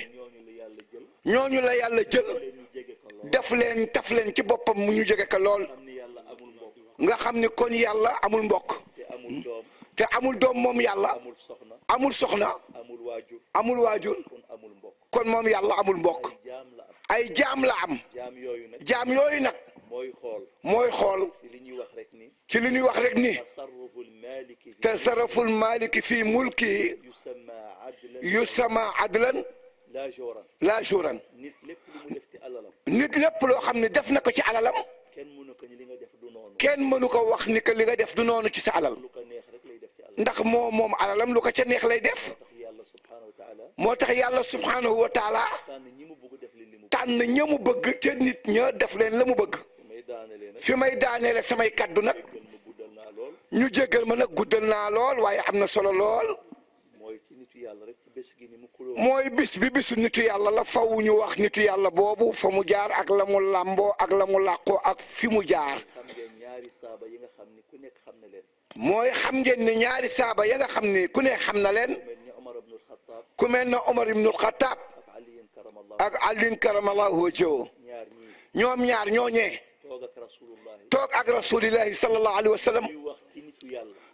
ñooñu la yàlla jël def leen taf leen ci boppam mu ñu jege ko lool nga xam ni kon yàlla amul mbokk te amul dom mom yàlla amul soxna amul wajur kon mom yàlla amul mbok ay jam la am jam yoyu nak moy xol moy xol ci li ñuy wax rek ni ci li ñuy wax rek ni tasarruful maliki fi mulki yusama adlan la juran nit lépp loo xam ne def nako ci alalam ken munu ko ni li nga def du nonu ken munu ko wax ni que li nga def du nonu ci sa alal ndax moo moom alalam lu ko ca neex lay def moo tax yàlla subhaanahu wa taala tànn ña mu bëgg ca nit ña def leen la mu bëgg fi may daaneele samay kaddu nag ñu jéggal ma nag guddal naa lool waaye am na solo lool mooy bis bi bisu nitu yàlla la faw ñu wax nitu yàlla boobu fa mu jaar ak la mu làmboo ak la mu làqoo ak fi mu jaar موي خمجن نياري سابا يدا خمني كوني خمنا لين كمين عمر بن الخطاب أك علي كرم الله وجهه نيوم نيار نيوني توك أك رسول الله صلى الله عليه وسلم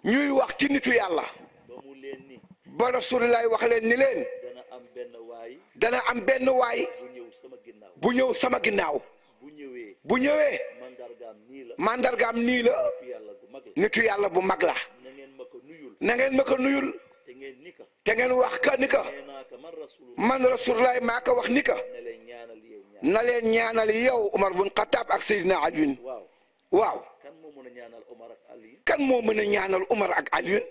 نيوي وقت نتو يالله با رسول الله وخلين نلين دانا أم بن واي بنيو سما جناو بنيوي مندرغام نيلا nitu yàlla bu mag la na ngeen ma ko nuyul te ngeen wax ka ni ka man rasulullah maa ko wax ni ka na leen ñaanal yow Umar bun Xataab ak Seydina Aliyun waaw kan moo mën a ñaanal Umar ak Aliyun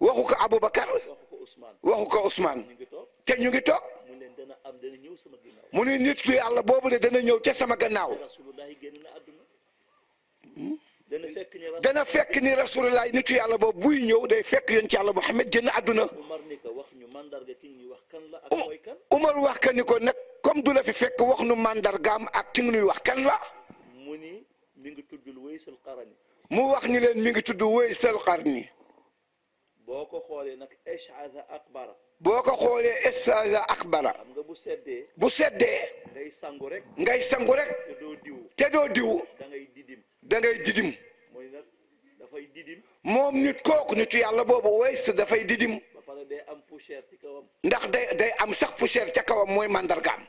waxu ko Aboubacar waxu ko Ousmane te ñu ngi toog mu ne nit yàlla boobu ne dana ñëw ca sama gannaaw. دنا فكني رسول الله نتي على بوي نيو داي فك يونتي الله محمد جن ادنا عمر نيكا واخ ني كان لا اك واي كان في فك واخ نو ماندار غام اك كين ني واخ كان لا موني ميغي تود ويس القرني مو واخ ني لين ميغي تود ويس القرني بوكو خولي نك ايش عذا اكبر بوكو خولي ايش عذا اكبر بو سدي بو سدي داي سانغو رك غاي سانغو رك تدو ديو تدو ديو داي ديديم da ngay didim mooy nag dafay didim moom nit kooku nitu yàlla boobu wees dafay didim ba pare day am poussière ndax day day am sax poussière ca kawam mooy mandargaam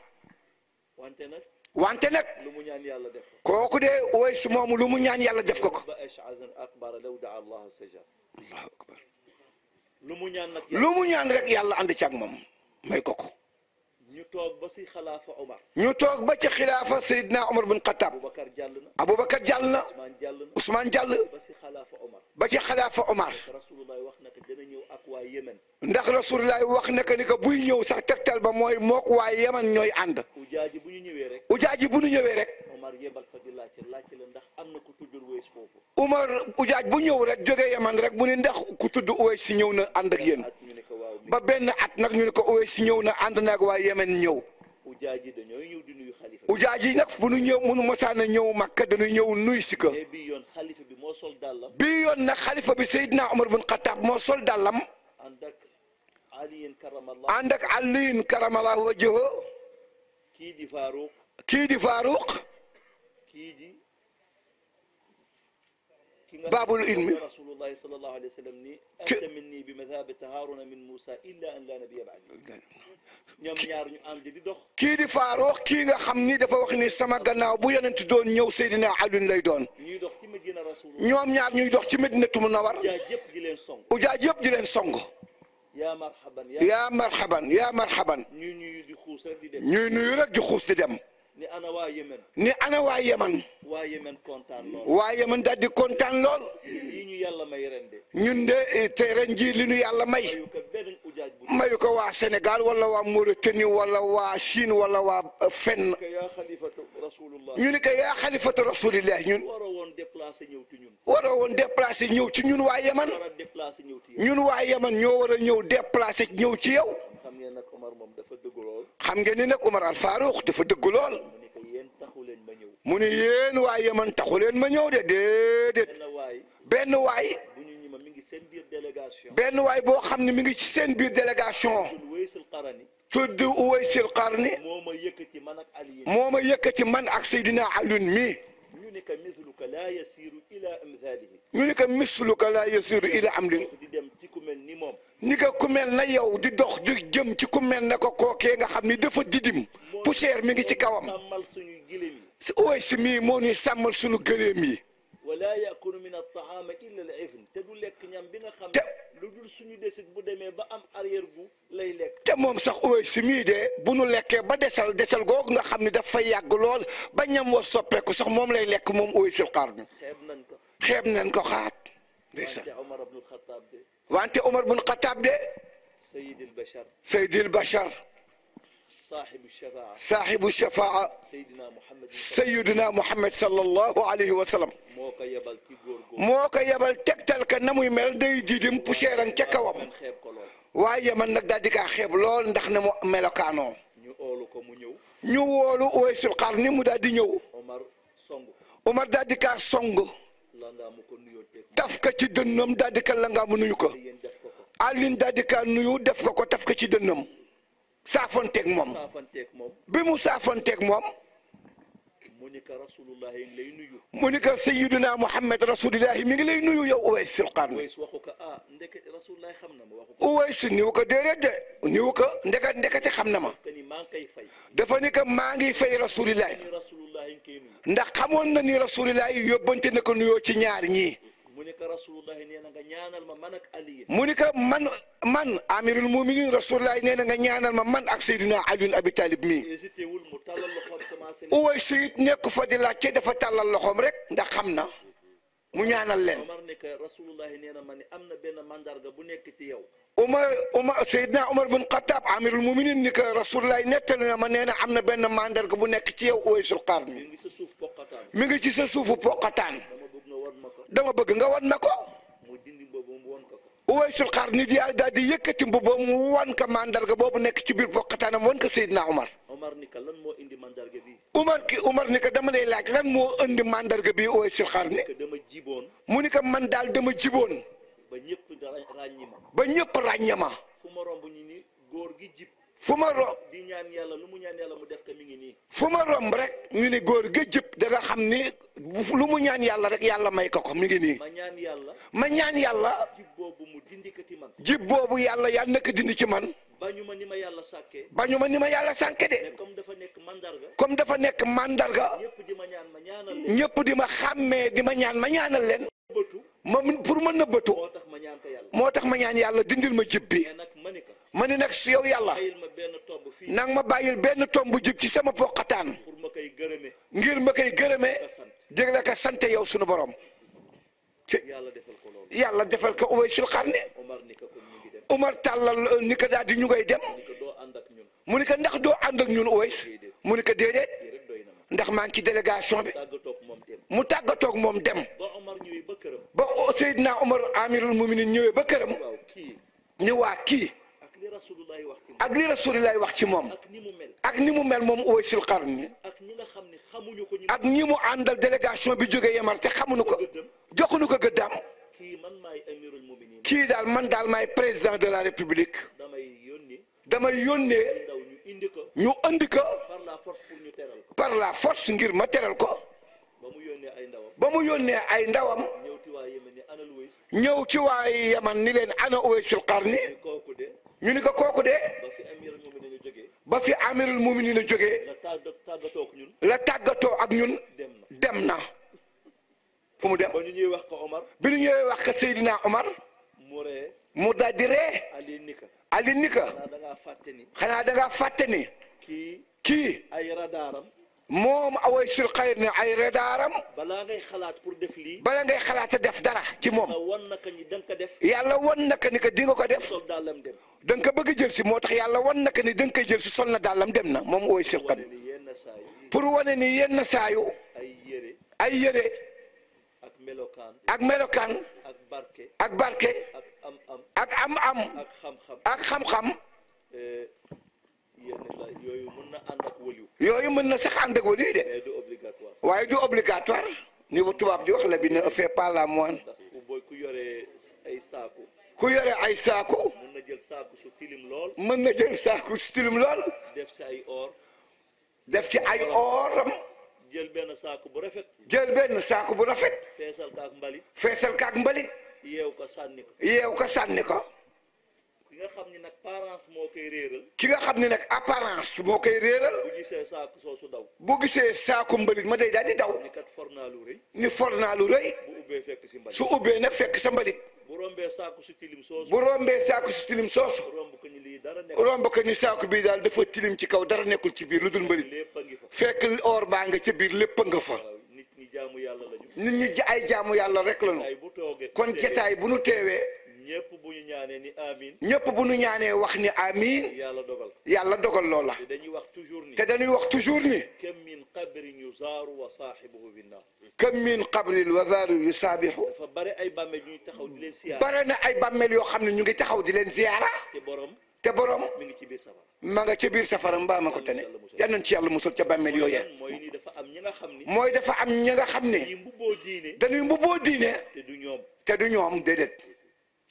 wante nag wante nag lu mu ñaan yàlla def kooku de wees moom lu mu ñaan yàlla def ko ko lu mu ñaan rek yàlla ànd ci ak moom may ko ko ñu toog ba ci khilafa Omar. umar bin Khattab. abou bakkar na. jàll na. Ousmane jàll ba ci khilafa umar ba ci xilaafa Omar. Rasulullah wax na ko dana ñëw ak waa Yemen. ndax Rasulullah wax na ko ni ko buy ñëw sax tektal ba moy mok wa Yemen ñooy ànd. ujaaji bu ñu rek. ujaaji ujaaj bu ñëw rek jógee Yemen rek mu ne ndax ku tudd wees ñëw na ànd ak yéen. ba ben at nak ñu ne ko Uways ñëw na ànd nak wa Yemen ñëw. Ujaaji dañooy ñëw di nuyu xalifa Ujaaji nag fu nu ñëw mu mënu sa na ñëw Makka dañuy ñëw nuy ci ko. bii yoon xalifa bi moo sol dàllam. bii yoon nag xalifa bi Seydina Omar bin Khattab moo sol dalam andak ak Aliyin karamallahu ànd ak Aliyin karamallahu wajhahu. kii di faruq ki di faruq ki di. باب العلم رسول الله صلى الله عليه وسلم ني انت مني بمذهب هارون من موسى الا ان لا نبي بعد ñoom ñaar ñu am di dox kii di faaroox kii nga xam dafa wax ni sama gannaaw bu yonent doon ñëw Seydina Alioune lay doon ñuy dox ci Medina Rasulullah ñoom ñaar ñuy dox ci Medinatu Munawwar ujaaj yëpp di song ujaaj yëpp di leen song yaa marhaban yaa marhaban yaa marhaban ñuy nuyu di xuus rek di dem ñuy nuyu rek di xuus di dem ni ana waa Yemen. ni ana waa Yemen. waa Yemen kontaan lool. waa daal kontaan lool. yàlla may ren de. ñun de eh, te ren li ñu yàlla may. mayu ko benn ujaaj ko waa Sénégal wala waa Mauritanie wala waa Chine wala waa eh, fenn. ñu ni ko yaa xalifatu rasulillah ñun. waroo woon déplacé ñëw ci ñun. waroo woon déplacé ñëw ci ñun waa Yemen. ñun waa Yemen ñoo war a ñëw déplacé ñëw ci yow. xam ngeen ni nag Umar al Faruq dafa dëgg lool mu ni yéen waaye man taxu leen ma ñëw de déedéet benn waay benn waay boo xam ne mi ngi ci seen biir délégation tudd Uwaysul Qarni moo ma yëkkati man ak Seydina Alioune mi ñu ni ko misluka laa yasiru ila amthalihi ñu ni ko misluka laa yasiru ila amthalihi di dem ci ku mel ni moom ni nga ku mel na yow di dox di jëm ci ku mel na ko kookee nga xam ni dafa didim poussière mi ngi ci kawam si ooy si mii moo ñuy sàmmal suñu gëléem yi wala yakulu min at-ta'am illa al-'ifn te du lekk ñam bi nga xam ne lu dul suñu desit bu demee ba am arrière gu lay lekk te moom sax ooy si mii de bu nu lekkee ba desal desal googu nga xam ne daf fay yàgg lool ba ñam wa soppeeku sax moom lay lekk moom ooy sil xaar bi xeeb nañ ko xeeb nañ ko xaat ndeysaan Omar ibn al-Khattab de وانت عمر بن الخطاب ده سيد البشر سيد البشر صاحب الشفاعة صاحب الشفاعة سيدنا محمد سيدنا محمد صلى الله عليه وسلم موكا يبل تكتل كنم يمل دي دي دي مبشيرا كوام وايا من نقدر ديك خيب لول ندخن ملوكانو نيو أولو كومو نيو نيو أولو ويسل قرني مدادي نيو عمر سونغو عمر دادي كا سونغو taf ka ci dënnam daal di ka langaamu nuyu ko Alioune daal di ka nuyu def ko ko taf ka ci dënnam saafanteeg moom bi mu saafanteeg moom mu ni ka rasulullah yi ngi lay nuyu. mu ni ka sayyiduna Muhammad rasulullah mi ngi lay nuyu yow Uways Silqaan. Uways waxu ko ah ndeket rasulullah na ma waxu ko. Uways niw de niw ko ndeket ndekete xam na ma. dafa ni ka maa ngi fay rasulullah. ndax xamoon na ni rasulullah yóbbante na ko nuyoo ci ñaar ñii. منك من من أمير المؤمنين رسول الله نينا غنيان من أك سيدنا أبي طالب مي وي سيد نيكو فدي لا تي دافا الله نينا من امنا بن ماندارغا بو سيدنا عمر بن الخطاب امير المؤمنين نيك رسول الله نيتالنا من نينا امنا بن ماندارغا بو نيك تي ياو وي سرقارني ميغي سي سوف dama bëgg nga wan ma ko uwaysul xaar ni di daal di yëkkati mbu boobu mu wan ko mandarga boobu nekk ci biir bokkataanam wan ko Seydina Omar. Omar ni ko lan moo indi mandarga bi. Omar ki Omar ni ko dama lay laaj lan moo indi mandarga bi uwaysul xaar ni. dama jiboon. mu ni ko man daal dama jiboon. ba ñëpp ràññi ma. ba ñëpp ràññi ma. fu ma romb ñu ni fu ma romb di ñaan yàlla lu mu ñaan yàlla mu def mi ngi nii. fu ma romb rek ñu ni góor ga jëpp da nga xam ni lu mu ñaan yàlla rek yàlla may ko ko mi ngi nii. ma ñaan yàlla. ma ñaan yàlla. jib boobu mu dindi ko ci man. jib boobu yàlla yaa nekk dind ci man. bañu ma ni ma yàlla sàkkee. bañu ma ni ma yàlla sànke de. comme dafa nekk mandarga. comme dafa nekk mandarga. ñëpp di ma ñaan ma ñaanal ñëpp di ma xàmmee di ma ñaan ma ñaanal leen. ma pour ma nëbbatu. moo tax ma ñaan yàlla. moo tax ma ñaan yàlla dindil ma jib bi. ma ni nag su yow yàlla nag ma bàyyil benn tomb bu jub ci sama poqataan ngir ma koy gërëmee dégle ka sant yow sunu borom yàlla defal ko Uwaysul Qarni Umar tàllal euh, ni ko daal di ñu ngay dem mu ni ko ndax doo ànd ak ñun Uways mu ni ko déedéet ndax maa ngi ci délégation bi mu tàggatook moom dem ba Seydina Umar Amirul Muminin ñëwee ba këram ni waa kii رسول الله وقتي مم. اك لي رسول الله وقتي موم اك ني مو مل موم اويس القرن اك ني خامني مو اندال ديليغاسيون بي جوغي يمر تي خامو كي من ماي امير المؤمنين كي دال من دال ماي بريزيدان دو لا ريبوبليك داماي يوني داماي يوني ñu andi ko par la force ngir ma teral ko ba mu yónnee ay ndawam ñëw ci waa yemen ni leen ana ouwéy sulqarni ñu ni ko kooku de ba fi amirul muminin a jógee la tagato ak ñun demna na fu mu dem bi ñu ñewé wax ko Omar bi ñu ñëwee wax mu dadire di ree Ali Nika xanaa da nga fatani ki kii ay radaram موم اوي سير خير ني اي ردارم بلا غي خلات بور ديف لي بلا غي خلات ديف دارا تي موم وون نك ني دنك ديف يالا وون نك ني كدي نكو ديف سول دالام ديم دنك بغا جيل سي موتاخ يالا وون نك ني دنك جيل سي سولنا دالام ديم نا موم اوي سير خات بور وون ني يين سايو اي ييري اي ييري اك ميلوكان اك ميلوكان اك باركي اك اك ام ام اك خم خم اك خم خم إيه. yooyu mën na yooyu mën na sax ànd ak wëliw de waaye du obligatoire ni bu tubaab di wax la bi ne fait pas la ku yore ay saako ku yore ay saako mën na jël saako su tilim lool mën na jël saako su tilim lool def ci ay or jël benn saako bu rafet jël benn saako bu rafet feesal kaak mbalit feesal kaak yeew ko sànni ko sànni ko ki nga xam ni nag apparence moo koy réeral. ki nga xam ni nag apparence moo koy réeral. bu gisee saako daw. bu gisee saako mbalit ma day daal di daw. ni kat for naa lu rëy. su ubbee nag fekk sa mbalit. bu rombee saako su tilim soosu. bu rombee saako su tilim soosu. romb ko ni lii dara nekkul. romb ko ni saako bii daal dafa tilim ci kaw dara nekkul ci biir lu dul mbalit. fekk or baa nga ca biir lépp nga fa. nit ñi jaamu yàlla lañu. nit ñi ay jaamu yàlla rek lañu. kon jataay bu nu teewee ñëpp bu ñu ñaanee ni amiin ñëpp bu ñu ñaanee wax ni amiin yàlla dogal yàlla dogal loola te dañuy wax toujours ni te dañuy wax toujours ni kam min qabrin yuzaaru wa saahibuhu fi naar kam min qabrin yuzaaru yusaabihu dafa bare ay bàmmeel ñu taxaw di leen ziyaara bare na ay bàmmeel yoo xam ne ñu ngi taxaw di leen ziyaara te borom te borom mi ngi ci biir safara ma nga ca biir safara mbaa ma ko tene yal nañ ci yàlla musal ca bàmmeel yooyee mooy ni dafa am ñi nga xam ni mooy dafa am ñi nga xam ne dañuy mbubboo diine dañuy mbubboo diine te du ñoom te du ñoom déedéet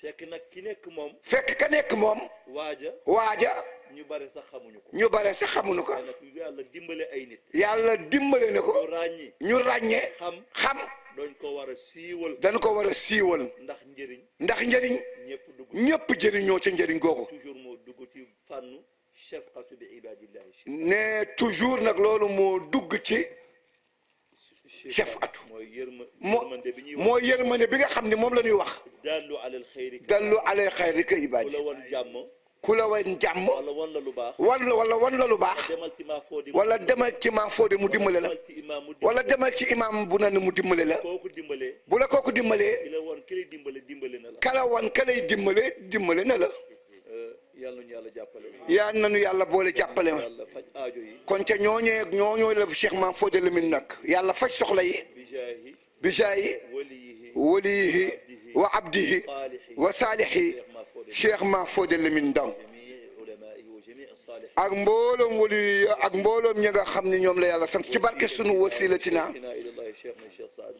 fekk nag ki nekk moom. fekk ka nekk moom. waaja waaja. ñu bare sax xamuñu ko. ñu bare sax xamuñu ko. yàlla dimbale ay nit. yàlla dimbale na ko. ñu ràññee. ñu xam xam. dañ ko war a siiwal. dañ ko war a siiwal. ndax njëriñ. ndax njëriñ. ñëpp dugg ñëpp jëriñoo ca njëriñ googu. toujours moo dugg ci fànnu. chef xasu bi ibadillahi. ne toujours nag loolu moo dugg ci. شفعته مو يرمني بيغا خامني موم لا نيو واخ دالو على الخير كعبادي كولا وان جام ولا ولا ولا ولا لو باخ ولا دمال تي ما فودي مو ديمبل لا ولا دمال تي امام بونا ني مو ديمبل لا بولا كوكو ديمبل كلا وان كلي ديمبل ديمبل نلا كلا وان كلي ديمبل ديمبل نلا yal nañu yàlla boole jàppale ma kon ca ñooñee ak ñooñoo la Cheikh Maam Fodé Lamine nag yàlla faj soxla yi bijaayi waliyihi wa abdihi wa saalihi Cheikh Maam Fodé Lamine Ndong ak mbooloom wali ak mbooloom ñi nga xam ne ñoom la yàlla sant ci barke sunu wasilatina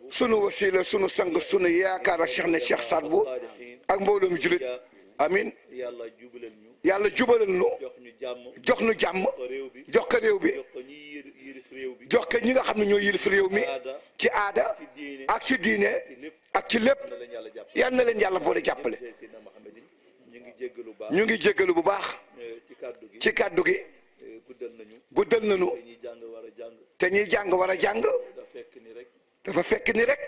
sunu wasila sunu sang sunu yaakaar ak Cheikh ne Cheikh Saad bu ak mbooloom julit amin yàlla jubalal ñu yàlla jubalal nu jox nu jàmm jox ko réew bi jox ko ñi nga xam ne ñoo yilif réew mi ci aada ak ci diine ak ci lépp yal na leen yàlla boole jàppale ñu ngi jéggalu bu baax eh, ci kàddu gi eh, guddal nañu te ñuy jàng war a jàng dafa fekk ni rek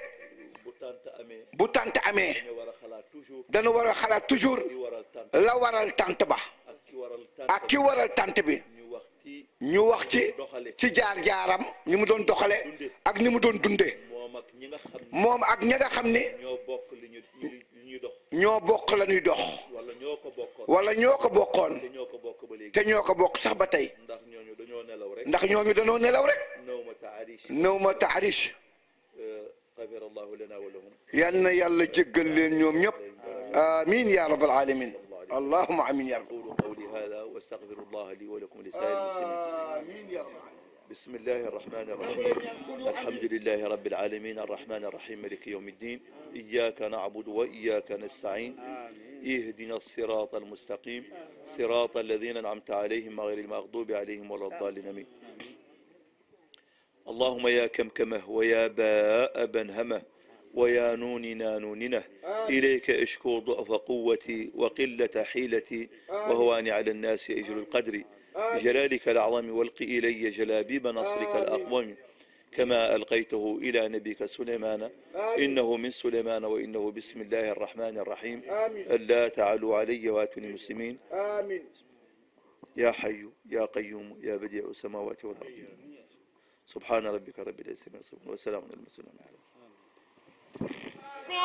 bu tant amee dana war a xalaat toujours la waral tant ba ak ki waral tànt bi ñu wax ci ci jaar-jaaram ni mu doon doxale ak ni mu doon dunde moom ak ña nga xam ni ñoo bokk la ñuy dox wala ñoo ko bokkoon te ñoo ko bokk sax ba tey ndax ñoo ñu dañoo nelaw rek nawma taarish غفر الله لنا ولهم يعني يلا جق اليوم يب امين يا رب العالمين اللهم امين يا رب اقول قولي هذا واستغفر الله لي ولكم ولسائر المسلمين امين يا رب العالمين بسم الله الرحمن الرحيم الحمد لله رب العالمين الرحمن الرحيم ملك يوم الدين إياك نعبد وإياك نستعين اهدنا الصراط المستقيم صراط الذين أنعمت عليهم غير المغضوب عليهم ولا الضالين آمين. اللهم يا كمكمه ويا باء بن همه ويا نوننا نوننه إليك أشكو ضعف قوتي وقلة حيلتي وهواني على الناس أجل القدر بجلالك الأعظم والق إلي جلابيب نصرك الأقوم كما ألقيته إلى نبيك سليمان إنه من سليمان وإنه بسم الله الرحمن الرحيم ألا تعلوا علي واتوني مسلمين آمين يا حي يا قيوم يا بديع السماوات والأرض سبحان ربك رب العزة عما وسلام على المرسلين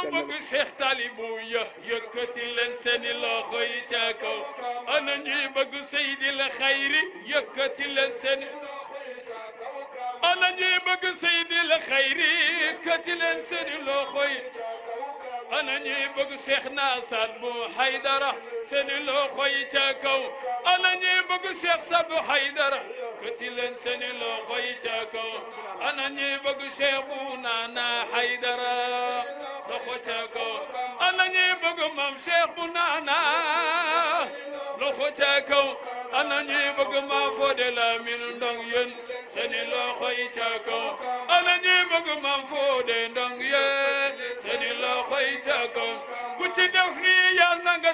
كما بشيخ طالبويا يكتي لنسان الله يتاكو انا نجيبك سيد الخير يكتي لنسان انا نجيبك سيد الخير يكتي لنسان الله انا نجيبك شيخ ناصر بو حيدره سن الله يتاكو انا نجيبك شيخ صبو حيدره yëkkati leen loxo yi ca ana ñi bëgg Cheikhouna Haydara loxo ca ana ñi bëgg maam Cheikhouna loxo ca ana ñi bëgg ma Fodé Lamine Ndong yéen seeni loxo yi ca ana ñi bëgg maam Fodé Ndong yéen seeni loxo yi ca kaw ci def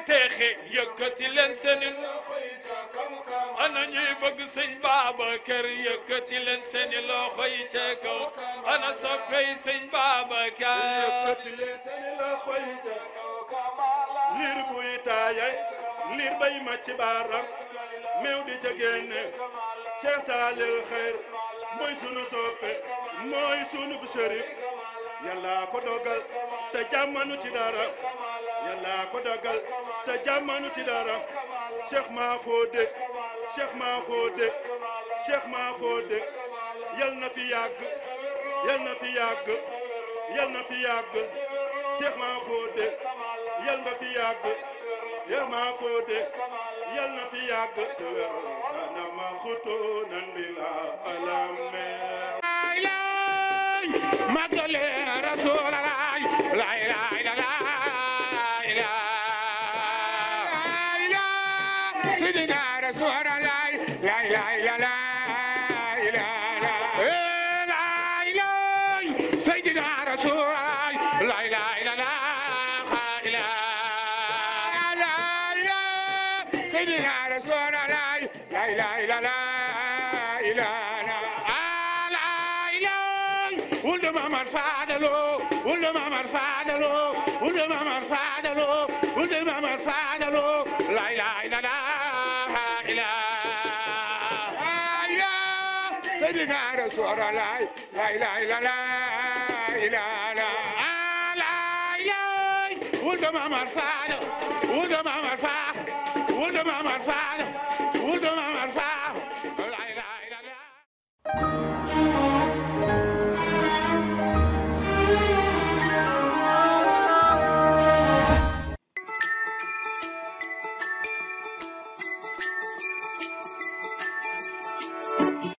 teexe yëkkati leen seeni loxo yi ca kaw kaw ana ñuy bëgg sëñ Babacar yëkkati leen seeni loxo yi ca kaw ana soppey sëñ Babacar yëkkati leen seeni loxo yi ca kaw kaw liir buy taayay liir bay mooy sunu soppe mooy sunu ko dogal te jàmmanu ci dara yàlla ko dagal te jàmmanu ci dara cheikh ma fodé cheikh ma fodé cheikh ma fodé yal na fi yàgg yal na fi yàgg yal na fi yàgg cheikh fi yàgg cheikh ma fodé na ma xutu nan bi la alame magal rasul مرفع دلو واللي ما مرفع دلو واللي ما مرفع دلو واللي ما مرفع دلو لا اله الا الله اله الا سيدنا رسول الله لا اله الا الله اله الا الله واللي ما مرفع